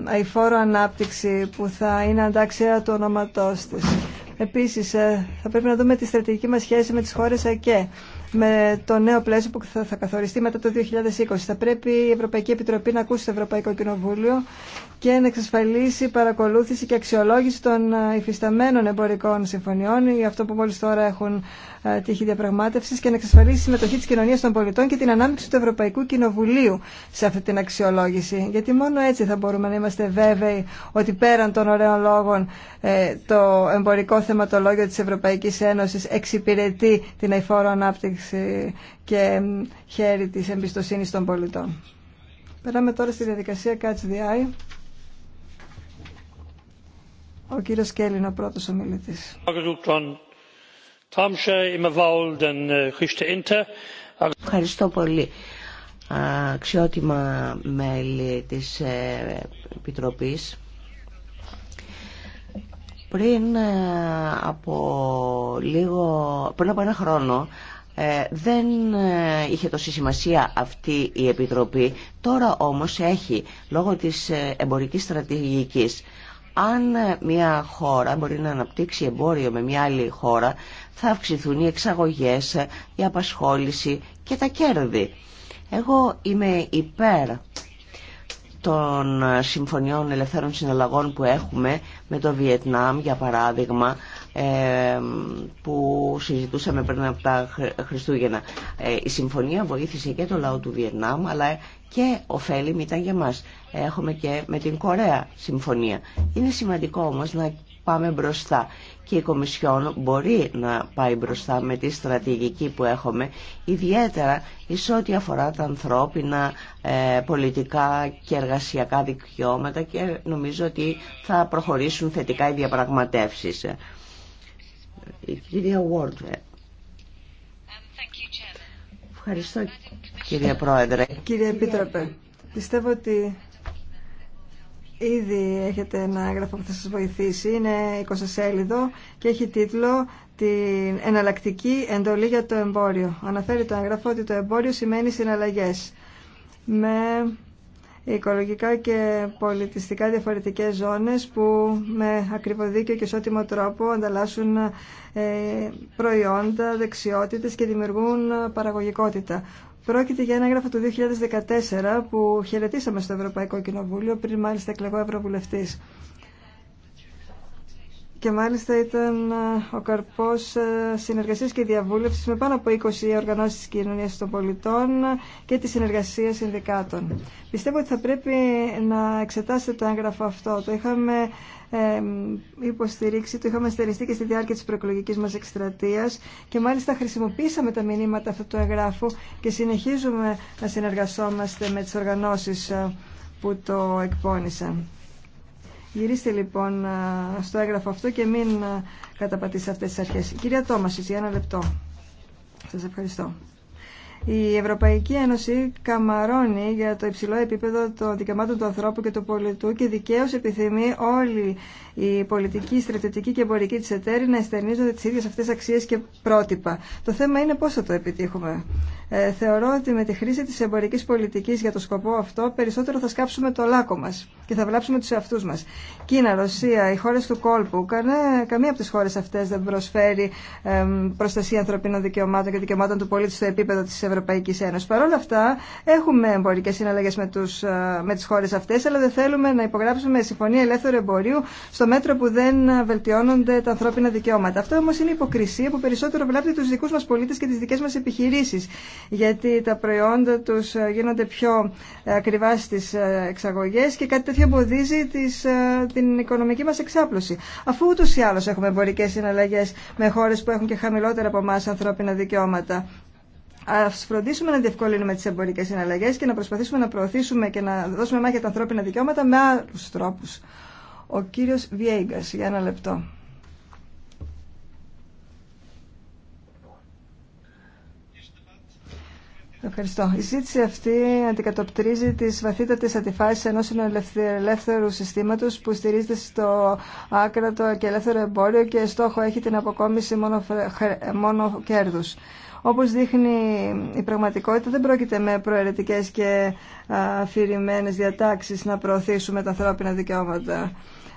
αηφόρο ανάπτυξη που θα είναι αντάξια του ονόματός της. Επίσης, ε, θα πρέπει να δούμε τη στρατηγική μας σχέση με τις χώρες ΑΚΕ με το νέο πλαίσιο που θα καθοριστεί μετά το 2020. Θα πρέπει η Ευρωπαϊκή Επιτροπή να ακούσει το Ευρωπαϊκό Κοινοβούλιο και να εξασφαλίσει παρακολούθηση και αξιολόγηση των ε, υφισταμένων εμπορικών συμφωνιών ή αυτό που μόλις τώρα έχουν ε, τύχη διαπραγμάτευση και να εξασφαλίσει συμμετοχή τη κοινωνία των πολιτών και την ανάμειξη του Ευρωπαϊκού Κοινοβουλίου σε αυτή την αξιολόγηση. Γιατί μόνο έτσι θα μπορούμε να είμαστε βέβαιοι ότι πέραν των ωραίων λόγων ε, το εμπορικό θεματολόγιο τη Ευρωπαϊκή Ένωση εξυπηρετεί την αηφόρο ανάπτυξη και χέρι τη εμπιστοσύνη των πολιτών. Περάμε τώρα στη διαδικασία Catch the Eye. Ο κύριος Κέλλη είναι ο πρώτος ομιλητής. Äh, Ευχαριστώ πολύ. Αξιότιμα μέλη της ε, Επιτροπής. Πριν ε, από, λίγο, πριν από ένα χρόνο ε, δεν είχε τόση σημασία αυτή η Επιτροπή. Τώρα όμως έχει, λόγω της εμπορικής στρατηγικής αν μια χώρα μπορεί να αναπτύξει εμπόριο με μια άλλη χώρα, θα αυξηθούν οι εξαγωγές, η απασχόληση και τα κέρδη. Εγώ είμαι υπέρ των συμφωνιών ελευθέρων συναλλαγών που έχουμε με το Βιετνάμ, για παράδειγμα, ε, που συζητούσαμε πριν από τα Χριστούγεννα. Ε, η συμφωνία βοήθησε και το λαό του Βιετνάμ, αλλά και ωφέλιμη ήταν για μας. Έχουμε και με την Κορέα συμφωνία. Είναι σημαντικό όμως να πάμε μπροστά και η Κομισιόν μπορεί να πάει μπροστά με τη στρατηγική που έχουμε, ιδιαίτερα η ό,τι αφορά τα ανθρώπινα, ε, πολιτικά και εργασιακά δικαιώματα και νομίζω ότι θα προχωρήσουν θετικά οι διαπραγματεύσεις. κυρία κύριε Πρόεδρε. Κύριε Επίτροπε, πιστεύω ότι ήδη έχετε ένα έγγραφο που θα σας βοηθήσει. Είναι 20 σέλιδο και έχει τίτλο «Την εναλλακτική εντολή για το εμπόριο». Αναφέρει το έγγραφο ότι το εμπόριο σημαίνει συναλλαγές με οικολογικά και πολιτιστικά διαφορετικές ζώνες που με ακριβοδίκιο και σώτιμο τρόπο ανταλλάσσουν ε, προϊόντα, δεξιότητες και δημιουργούν παραγωγικότητα. Πρόκειται για ένα έγγραφο του 2014 που χαιρετήσαμε στο Ευρωπαϊκό Κοινοβούλιο πριν μάλιστα εκλεγώ Ευρωβουλευτής και μάλιστα ήταν ε, ο καρπός ε, συνεργασία και διαβούλευση με πάνω από 20 οργανώσεις τη κοινωνία των πολιτών και τη συνεργασία συνδικάτων. Πιστεύω ότι θα πρέπει να εξετάσετε το έγγραφο αυτό. Το είχαμε ε, υποστηρίξει, το είχαμε στεριστεί και στη διάρκεια της προεκλογική μας εκστρατεία και μάλιστα χρησιμοποίησαμε τα μηνύματα αυτού του εγγράφου και συνεχίζουμε να συνεργασόμαστε με τι οργανώσει που το εκπώνησαν. Γυρίστε λοιπόν στο έγγραφο αυτό και μην καταπατήσετε αυτές τις αρχές. Κυρία Τόμασης, για ένα λεπτό. Σας ευχαριστώ. Η Ευρωπαϊκή Ένωση καμαρώνει για το υψηλό επίπεδο των δικαιωμάτων του ανθρώπου και του πολιτού και δικαίως επιθυμεί όλοι η πολιτική, η στρατιωτική και εμπορική τη εταίρη να εστερνίζονται τι ίδιε αυτέ αξίε και πρότυπα. Το θέμα είναι πώ θα το επιτύχουμε. Ε, θεωρώ ότι με τη χρήση τη εμπορική πολιτική για το σκοπό αυτό περισσότερο θα σκάψουμε το λάκκο μα και θα βλάψουμε του εαυτού μα. Κίνα, Ρωσία, οι χώρε του κόλπου, κανέ, καμία από τι χώρε αυτέ δεν προσφέρει ε, προστασία ανθρωπίνων δικαιωμάτων και δικαιωμάτων του πολίτη στο επίπεδο τη Ευρωπαϊκή Ένωση. Παρ' όλα αυτά, έχουμε εμπορικέ συναλλαγέ με, ε, με τι χώρε αυτέ, αλλά δεν θέλουμε να υπογράψουμε συμφωνία ελεύθερου εμπορίου μέτρο που δεν βελτιώνονται τα ανθρώπινα δικαιώματα. Αυτό όμω είναι υποκρισία που περισσότερο βλάπτει του δικού μα πολίτε και τι δικέ μα επιχειρήσει. Γιατί τα προϊόντα του ε, γίνονται πιο ε, ακριβά στι ε, εξαγωγέ και κάτι τέτοιο εμποδίζει τις, την οικονομική μα εξάπλωση. Αφού ούτω ή άλλω έχουμε εμπορικέ συναλλαγέ με χώρε που έχουν και χαμηλότερα από εμά ανθρώπινα δικαιώματα. Α φροντίσουμε να διευκολύνουμε τι εμπορικέ συναλλαγέ και να προσπαθήσουμε να προωθήσουμε και να δώσουμε μάχη τα ανθρώπινα δικαιώματα με άλλου τρόπου. Ο κύριος Βιέγκας, για ένα λεπτό. Ευχαριστώ. Η ζήτηση αυτή αντικατοπτρίζει τι βαθύτατε αντιφάσει ενό ελεύθερου συστήματο που στηρίζεται στο άκρατο και ελεύθερο εμπόριο και στόχο έχει την αποκόμιση μόνο, μόνο κέρδου. Όπω δείχνει η πραγματικότητα, δεν πρόκειται με προαιρετικέ και αφηρημένε διατάξει να προωθήσουμε τα ανθρώπινα δικαιώματα.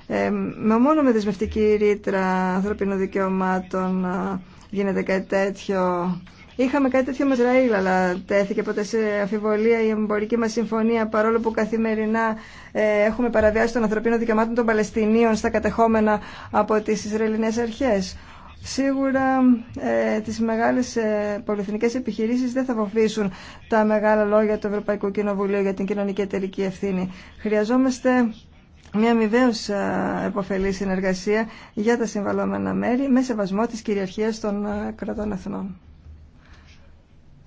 Ε, με μόνο με δεσμευτική ρήτρα ανθρωπίνων δικαιωμάτων ε, γίνεται κάτι τέτοιο. Είχαμε κάτι τέτοιο με Ισραήλ, αλλά τέθηκε ποτέ σε αφιβολία η εμπορική μα συμφωνία, παρόλο που καθημερινά ε, έχουμε παραβιάσει των ανθρωπίνων δικαιωμάτων των Παλαιστινίων στα κατεχόμενα από τι Ισραηλινές αρχέ. Σίγουρα ε, τις μεγάλες ε, πολυεθνικές επιχειρήσεις δεν θα βοηθήσουν τα μεγάλα λόγια του Ευρωπαϊκού Κοινοβουλίου για την κοινωνική εταιρική ευθύνη. Χρειαζόμαστε μια μηδέως επωφελή συνεργασία για τα συμβαλόμενα μέρη με σεβασμό της κυριαρχίας των κρατών εθνών.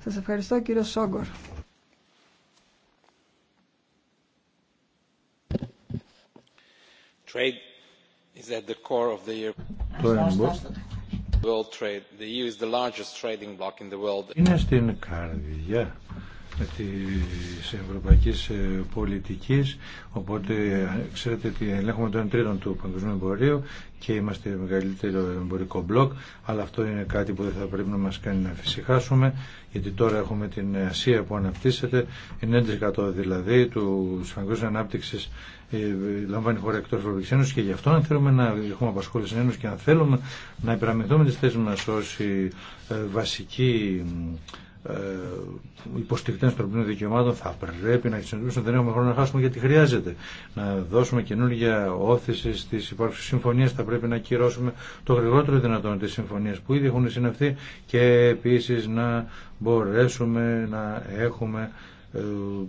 Σας ευχαριστώ κύριο Σόγκορ. Trade is at the core of the World trade. The EU is the largest trading bloc in the world. Είναι στην καρδιά της ευρωπαϊκής ε, πολιτικής οπότε ξέρετε ότι ελέγχουμε τον τρίτον του παγκοσμίου εμπορίου και είμαστε μεγαλύτερο εμπορικό μπλοκ αλλά αυτό είναι κάτι που δεν θα πρέπει να μας κάνει να φυσικάσουμε γιατί τώρα έχουμε την Ασία που αναπτύσσεται 9% δηλαδή του παγκόσμιου ανάπτυξης ε, λαμβάνει χώρα εκτός Ευρωπαϊκής Ένωσης και γι' αυτό αν θέλουμε να έχουμε απασχόληση Ένωση και αν θέλουμε να υπεραμειθούμε τις θέσεις μας ως ε, βασική ε, υποστηρικτέ των ποινών δικαιωμάτων θα πρέπει να χρησιμοποιήσουμε, δεν έχουμε χρόνο να χάσουμε γιατί χρειάζεται. Να δώσουμε καινούργια όθηση στι υπάρξει συμφωνίε. Θα πρέπει να κυρώσουμε το γρηγότερο δυνατόν τι συμφωνίε που ήδη έχουν συνευθεί και επίση να μπορέσουμε να έχουμε ε,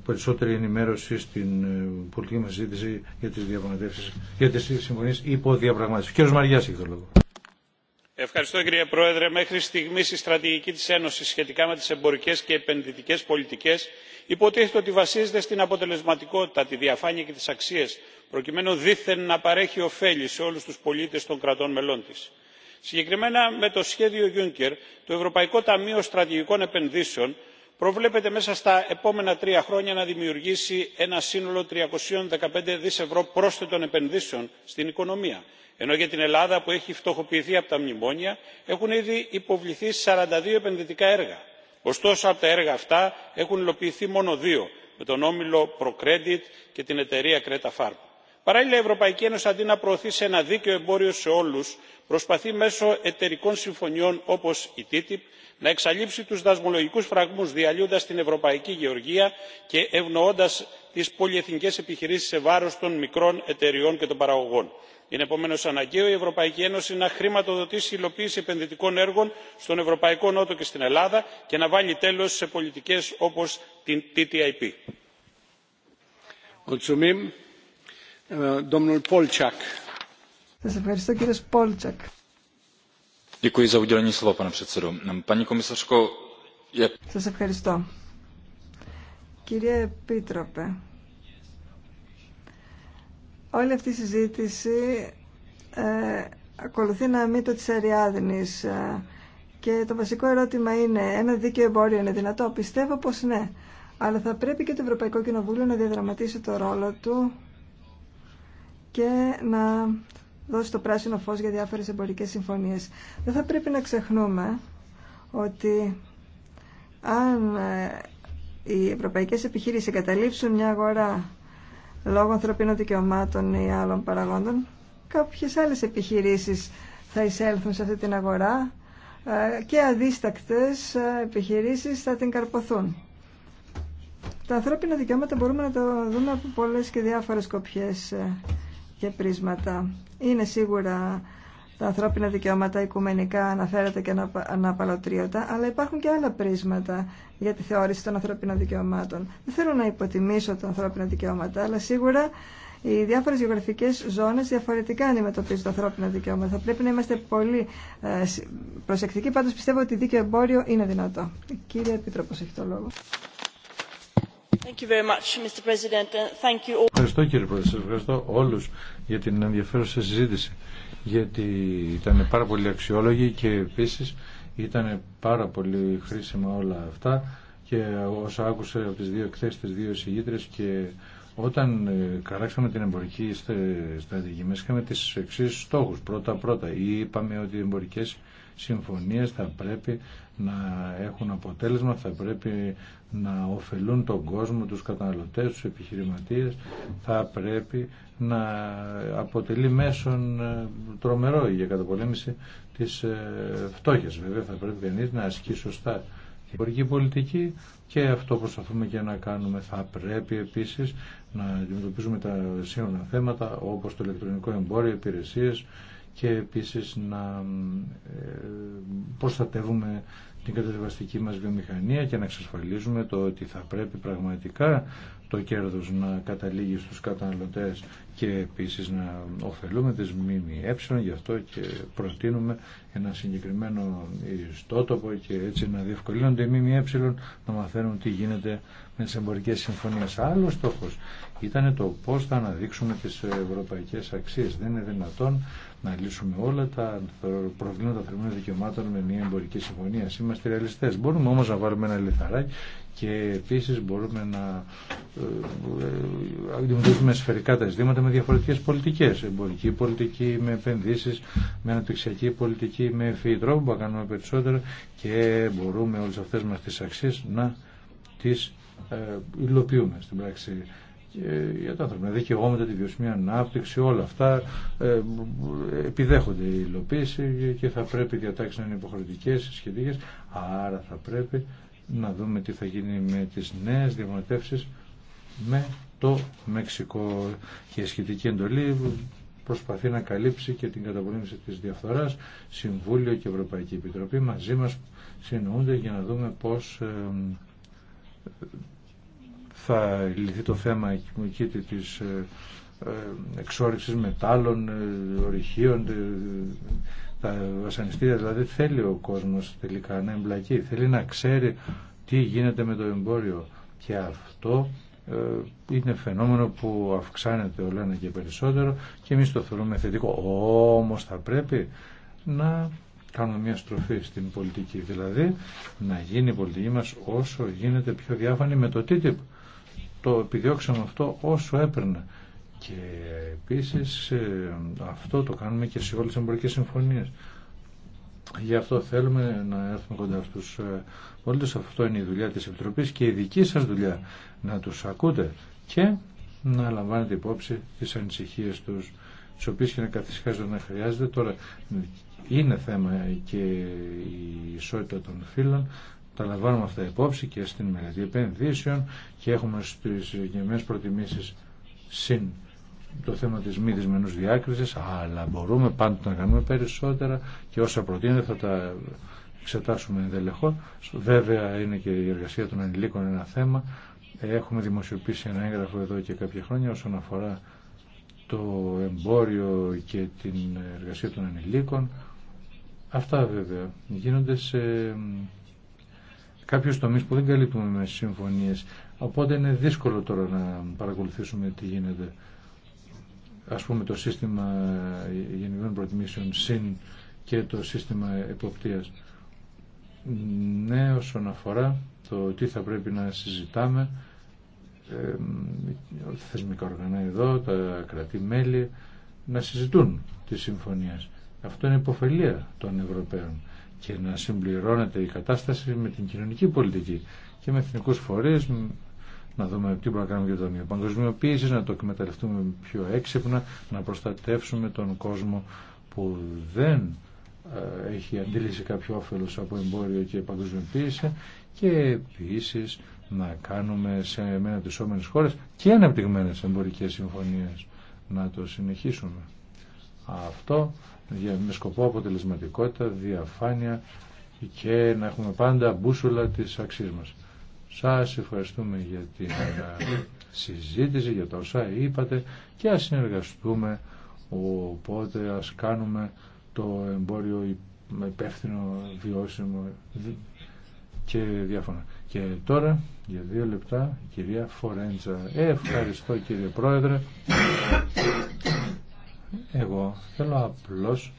περισσότερη ενημέρωση στην ε, πολιτική μα συζήτηση για τι διαπραγματεύσεις, για τις συμφωνίες Κύριος Μαριάς έχει το λόγο. Ευχαριστώ κύριε Πρόεδρε. Μέχρι στιγμή η στρατηγική τη Ένωση σχετικά με τι εμπορικέ και επενδυτικέ πολιτικέ υποτίθεται ότι βασίζεται στην αποτελεσματικότητα, τη διαφάνεια και τι αξίε, προκειμένου δήθεν να παρέχει ωφέλη σε όλου του πολίτε των κρατών μελών τη. Συγκεκριμένα με το σχέδιο Juncker, το Ευρωπαϊκό Ταμείο Στρατηγικών Επενδύσεων προβλέπεται μέσα στα επόμενα τρία χρόνια να δημιουργήσει ένα σύνολο 315 δις ευρώ πρόσθετων επενδύσεων στην οικονομία ενώ για την ελλάδα που έχει φτωχοποιηθεί από τα μνημόνια έχουν ήδη υποβληθεί 42 επενδυτικά έργα. ωστόσο από τα έργα αυτά έχουν υλοποιηθεί μόνο δύο με τον όμιλο procredit και την εταιρεία creta farm. παράλληλα η ευρωπαϊκή ένωση αντί να σε ένα δίκαιο εμπόριο σε όλου, προσπαθεί μέσω εταιρικών συμφωνιών όπω η ttip να εξαλείψει του δασμολογικού φραγμούς διαλύοντας την ευρωπαϊκή γεωργία και ευνοώντα τι πολυεθνικέ επιχειρήσει σε βάρο των μικρών εταιριών και των παραγωγών είναι επομένω αναγκαίο η ευρωπαϊκή ένωση να χρηματοδοτήσει υλοποίηση επενδυτικών έργων στον ευρωπαϊκό νότο και στην ελλάδα και να βάλει τέλο σε πολιτικέ όπω την ttip. Ε, κύριε Όλη αυτή η συζήτηση ε, ακολουθεί να μην το ε, και το βασικό ερώτημα είναι ένα δίκαιο εμπόριο είναι δυνατό. Πιστεύω πως ναι. Αλλά θα πρέπει και το Ευρωπαϊκό Κοινοβούλιο να διαδραματίσει το ρόλο του και να δώσει το πράσινο φως για διάφορες εμπορικές συμφωνίες. Δεν θα πρέπει να ξεχνούμε ότι αν ε, οι ευρωπαϊκές επιχείρησεις εγκαταλείψουν μια αγορά λόγω ανθρωπίνων δικαιωμάτων ή άλλων παραγόντων, κάποιες άλλες επιχειρήσεις θα εισέλθουν σε αυτή την αγορά ε, και αδίστακτες ε, επιχειρήσεις θα την καρποθούν. Τα ανθρώπινα δικαιώματα μπορούμε να τα δούμε από πολλές και διάφορες κοπιές ε, και πρίσματα. Είναι σίγουρα τα ανθρώπινα δικαιώματα οικουμενικά αναφέρεται και αναπαλωτρίωτα, αλλά υπάρχουν και άλλα πρίσματα για τη θεώρηση των ανθρώπινων δικαιωμάτων. Δεν θέλω να υποτιμήσω τα ανθρώπινα δικαιώματα, αλλά σίγουρα οι διάφορε γεωγραφικέ ζώνε διαφορετικά αντιμετωπίζουν τα ανθρώπινα δικαιώματα. Θα πρέπει να είμαστε πολύ ε, προσεκτικοί. Πάντω πιστεύω ότι δίκαιο εμπόριο είναι δυνατό. Κύριε Επίτροπο, έχει το λόγο. Thank you very much, Mr. President. Thank you all. Ευχαριστώ κύριε Πρόεδρε, ευχαριστώ όλους για την ενδιαφέρουσα συζήτηση γιατί ήταν πάρα πολύ αξιόλογοι και επίσης ήταν πάρα πολύ χρήσιμα όλα αυτά και όσα άκουσα από τις δύο εκθέσεις, τις δύο εισηγήτρες και όταν ε, καράξαμε την εμπορική στρατηγική μέσα είχαμε τις εξής στόχους. Πρώτα-πρώτα είπαμε ότι οι εμπορικές συμφωνίες θα πρέπει να έχουν αποτέλεσμα, θα πρέπει να ωφελούν τον κόσμο, τους καταναλωτές, τους επιχειρηματίες, θα πρέπει να αποτελεί μέσον ε, τρομερό για καταπολέμηση της ε, φτώχειας. Βέβαια θα πρέπει κανείς να ασκεί σωστά την υπουργική πολιτική και αυτό προσπαθούμε και να κάνουμε. Θα πρέπει επίσης να αντιμετωπίζουμε τα σύγχρονα θέματα όπως το ηλεκτρονικό εμπόριο, υπηρεσίες και επίσης να ε, προστατεύουμε την κατασκευαστική μας βιομηχανία και να εξασφαλίζουμε το ότι θα πρέπει πραγματικά το κέρδος να καταλήγει στους καταναλωτές και επίσης να ωφελούμε τις ΜΜΕ, γι' αυτό και προτείνουμε ένα συγκεκριμένο ιστότοπο και έτσι να διευκολύνονται οι ΜΜΕ να μαθαίνουν τι γίνεται με τις εμπορικές συμφωνίες. Άλλο στόχος ήταν το πώς θα αναδείξουμε τις ευρωπαϊκές αξίες. Δεν είναι δυνατόν να λύσουμε όλα τα προβλήματα θερμών δικαιωμάτων με μια εμπορική συμφωνία. Είμαστε ρεαλιστές. Μπορούμε όμω να βάλουμε ένα λιθαράκι και επίση μπορούμε να ε, ε, αντιμετωπίσουμε σφαιρικά τα ζητήματα με διαφορετικέ πολιτικέ. Εμπορική πολιτική, με επενδύσει, με αναπτυξιακή πολιτική, με ευφυή τρόπο που κάνουμε περισσότερο και μπορούμε όλε αυτέ μα τι αξίε να τις ε, υλοποιούμε στην πράξη. Ε, για τα ανθρώπινα δικαιώματα, τη βιωσιμή ανάπτυξη, όλα αυτά ε, επιδέχονται η υλοποίηση και θα πρέπει οι διατάξει να είναι υποχρεωτικέ, σχετικέ. Άρα θα πρέπει να δούμε τι θα γίνει με τι νέε διαπραγματεύσει με το Μεξικό. Και η σχετική εντολή προσπαθεί να καλύψει και την καταπολέμηση της διαφθοράς. Συμβούλιο και Ευρωπαϊκή Επιτροπή μαζί μας συνοούνται για να δούμε πώς ε, θα λυθεί το θέμα εκεί της ε, ε, εξόριξης μετάλλων, ε, ορυχείων, τα βασανιστήρια. Δηλαδή θέλει ο κόσμος τελικά να εμπλακεί, θέλει να ξέρει τι γίνεται με το εμπόριο. Και αυτό είναι φαινόμενο που αυξάνεται όλο ένα και περισσότερο και εμείς το θεωρούμε θετικό. Όμως θα πρέπει να κάνουμε μια στροφή στην πολιτική. Δηλαδή να γίνει η πολιτική μας όσο γίνεται πιο διάφανη με το TTIP το επιδιώξαμε αυτό όσο έπαιρνε. Και επίσης ε, αυτό το κάνουμε και σε όλες τις εμπορικές συμφωνίες. Γι' αυτό θέλουμε να έρθουμε κοντά στους ε, πολίτες. Αυτό είναι η δουλειά της Επιτροπής και η δική σας δουλειά να τους ακούτε και να λαμβάνετε υπόψη τις ανησυχίες τους τις οποίες και να καθισχάζονται να χρειάζεται. Τώρα είναι θέμα και η ισότητα των φύλων τα λαμβάνουμε αυτά υπόψη και στην μελέτη επενδύσεων και έχουμε στις γενικές προτιμήσεις συν το θέμα της μη δυσμενούς διάκρισης, αλλά μπορούμε πάντοτε να κάνουμε περισσότερα και όσα προτείνετε θα τα εξετάσουμε ενδελεχώ. Βέβαια είναι και η εργασία των ανηλίκων ένα θέμα. Έχουμε δημοσιοποιήσει ένα έγγραφο εδώ και κάποια χρόνια όσον αφορά το εμπόριο και την εργασία των ανηλίκων. Αυτά βέβαια γίνονται σε κάποιου τομεί που δεν καλύπτουμε με συμφωνίε. Οπότε είναι δύσκολο τώρα να παρακολουθήσουμε τι γίνεται. Ας πούμε το σύστημα γενικών προτιμήσεων ΣΥΝ και το σύστημα εποπτείας. Ναι, όσον αφορά το τι θα πρέπει να συζητάμε, ε, θεσμικά οργανά εδώ, τα κρατή-μέλη, να συζητούν τις συμφωνίες. Αυτό είναι υποφελία των Ευρωπαίων και να συμπληρώνεται η κατάσταση με την κοινωνική πολιτική και με εθνικού φορεί, να δούμε τι μπορούμε να κάνουμε για το Ταμείο Παγκοσμιοποίηση, να το εκμεταλλευτούμε πιο έξυπνα, να προστατεύσουμε τον κόσμο που δεν ε, έχει αντίληση κάποιο όφελο από εμπόριο και παγκοσμιοποίηση και επίση να κάνουμε σε όμενε χώρε και αναπτυγμένε εμπορικέ συμφωνίε να το συνεχίσουμε. Αυτό με σκοπό αποτελεσματικότητα, διαφάνεια και να έχουμε πάντα μπούσουλα της αξίας μας. Σας ευχαριστούμε για την ε, συζήτηση, για τα όσα είπατε και ας συνεργαστούμε οπότε ας κάνουμε το εμπόριο υπεύθυνο, βιώσιμο και διάφορα. Και τώρα για δύο λεπτά η κυρία Φορέντζα. Ε, ευχαριστώ κύριε Πρόεδρε. Εγώ θέλω απλώς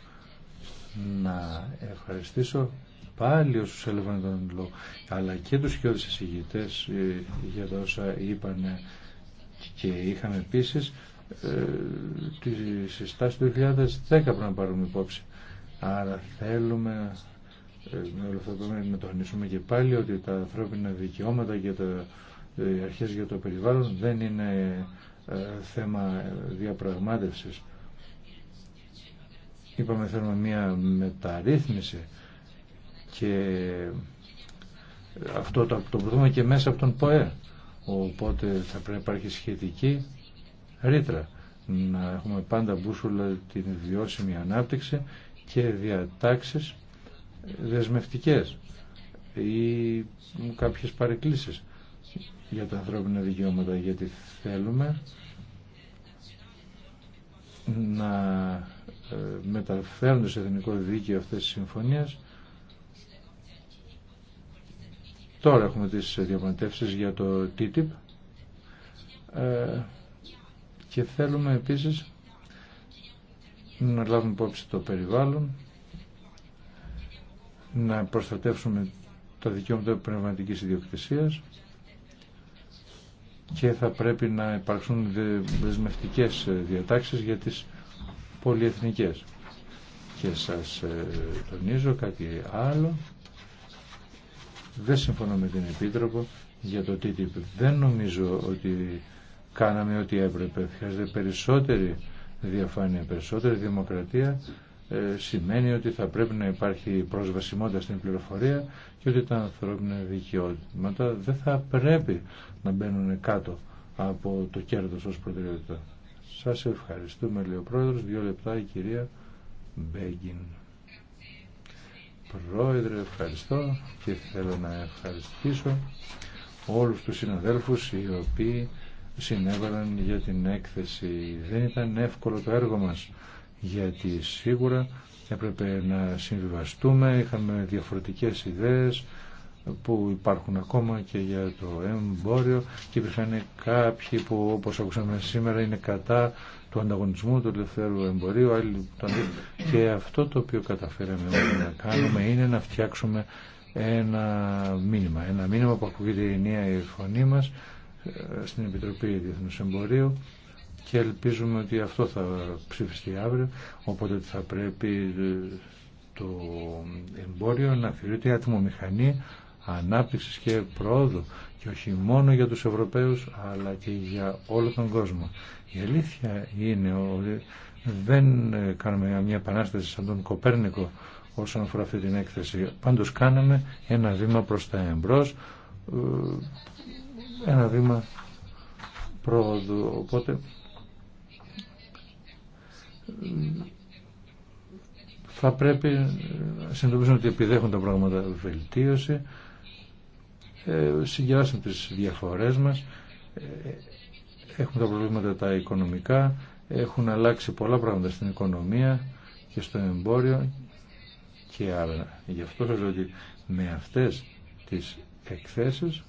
να ευχαριστήσω πάλι όσους έλεγαν τον λόγο, αλλά και τους κοιόδης εισηγητές ε, για τα όσα είπαν και είχαμε επίση ε, τη συστάση του 2010 πρέπει να πάρουμε υπόψη. Άρα θέλουμε ε, με αυτό να τονίσουμε και πάλι ότι τα ανθρώπινα δικαιώματα και τα, ε, οι αρχές για το περιβάλλον δεν είναι θέμα διαπραγμάτευσης. Είπαμε θέλουμε μια μεταρρύθμιση και αυτό το, το βρούμε και μέσα από τον ΠΟΕ. Οπότε θα πρέπει να υπάρχει σχετική ρήτρα. Να έχουμε πάντα μπούσουλα την βιώσιμη ανάπτυξη και διατάξεις δεσμευτικές ή κάποιες παρεκκλήσεις για τα ανθρώπινα δικαιώματα γιατί θέλουμε να ε, μεταφέρονται σε εθνικό δίκαιο αυτές τις συμφωνίες. Τώρα έχουμε τις διαπραγματεύσεις για το TTIP ε, και θέλουμε επίσης να λάβουμε υπόψη το περιβάλλον, να προστατεύσουμε τα δικαιώματα πνευματικής ιδιοκτησίας και θα πρέπει να υπάρξουν δεσμευτικές ε, διατάξεις για τις πολυεθνικές. Και σας ε, τονίζω κάτι άλλο. Δεν συμφωνώ με την Επίτροπο για το TTIP. Δεν νομίζω ότι κάναμε ό,τι έπρεπε. Χρειάζεται περισσότερη διαφάνεια, περισσότερη δημοκρατία. Ε, σημαίνει ότι θα πρέπει να υπάρχει προσβασιμότητα στην πληροφορία και ότι τα ανθρώπινα δικαιώματα δεν θα πρέπει να μπαίνουν κάτω από το κέρδος ως προτεραιότητα. Σας ευχαριστούμε, λέει ο Πρόεδρος. Δύο λεπτά η κυρία Μπέγγιν. Πρόεδρε, ευχαριστώ και θέλω να ευχαριστήσω όλους τους συναδέλφους οι οποίοι συνέβαλαν για την έκθεση. Δεν ήταν εύκολο το έργο μας γιατί σίγουρα έπρεπε να συμβιβαστούμε, είχαμε διαφορετικές ιδέες, που υπάρχουν ακόμα και για το εμπόριο και υπήρχαν κάποιοι που όπως ακούσαμε σήμερα είναι κατά του ανταγωνισμού του ελευθέρου εμπορίου άλλοι, και αυτό το οποίο καταφέραμε να κάνουμε είναι να φτιάξουμε ένα μήνυμα ένα μήνυμα που ακούγεται η νέα η φωνή μας ε, στην Επιτροπή Διεθνούς Εμπορίου και ελπίζουμε ότι αυτό θα ψηφιστεί αύριο οπότε θα πρέπει ε, το εμπόριο να θεωρείται ατμομηχανή ανάπτυξης και πρόοδου και όχι μόνο για τους Ευρωπαίους αλλά και για όλο τον κόσμο. Η αλήθεια είναι ότι δεν κάνουμε μια επανάσταση σαν τον Κοπέρνικο όσον αφορά αυτή την έκθεση. Πάντως κάναμε ένα βήμα προς τα εμπρός, ε, ένα βήμα πρόοδου. Οπότε θα πρέπει να συνειδητοποιήσουμε ότι επιδέχουν τα πράγματα βελτίωση ε, συγκεράσαμε τις διαφορές μας, ε, έχουμε τα προβλήματα τα οικονομικά, έχουν αλλάξει πολλά πράγματα στην οικονομία και στο εμπόριο και άλλα... γι' αυτό σας λέω ότι με αυτές τις εκθέσεις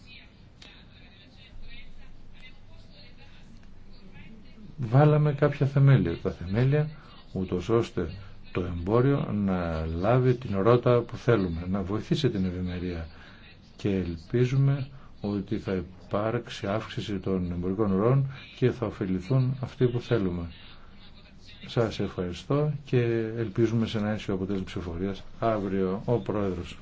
βάλαμε κάποια θεμέλια. Τα θεμέλια ούτω ώστε το εμπόριο να λάβει την ρότα που θέλουμε, να βοηθήσει την ευημερία και ελπίζουμε ότι θα υπάρξει αύξηση των εμπορικών ροών και θα ωφεληθούν αυτοί που θέλουμε. Σας ευχαριστώ και ελπίζουμε σε ένα αίσιο αποτέλεσμα ψηφοφορίας αύριο ο Πρόεδρος.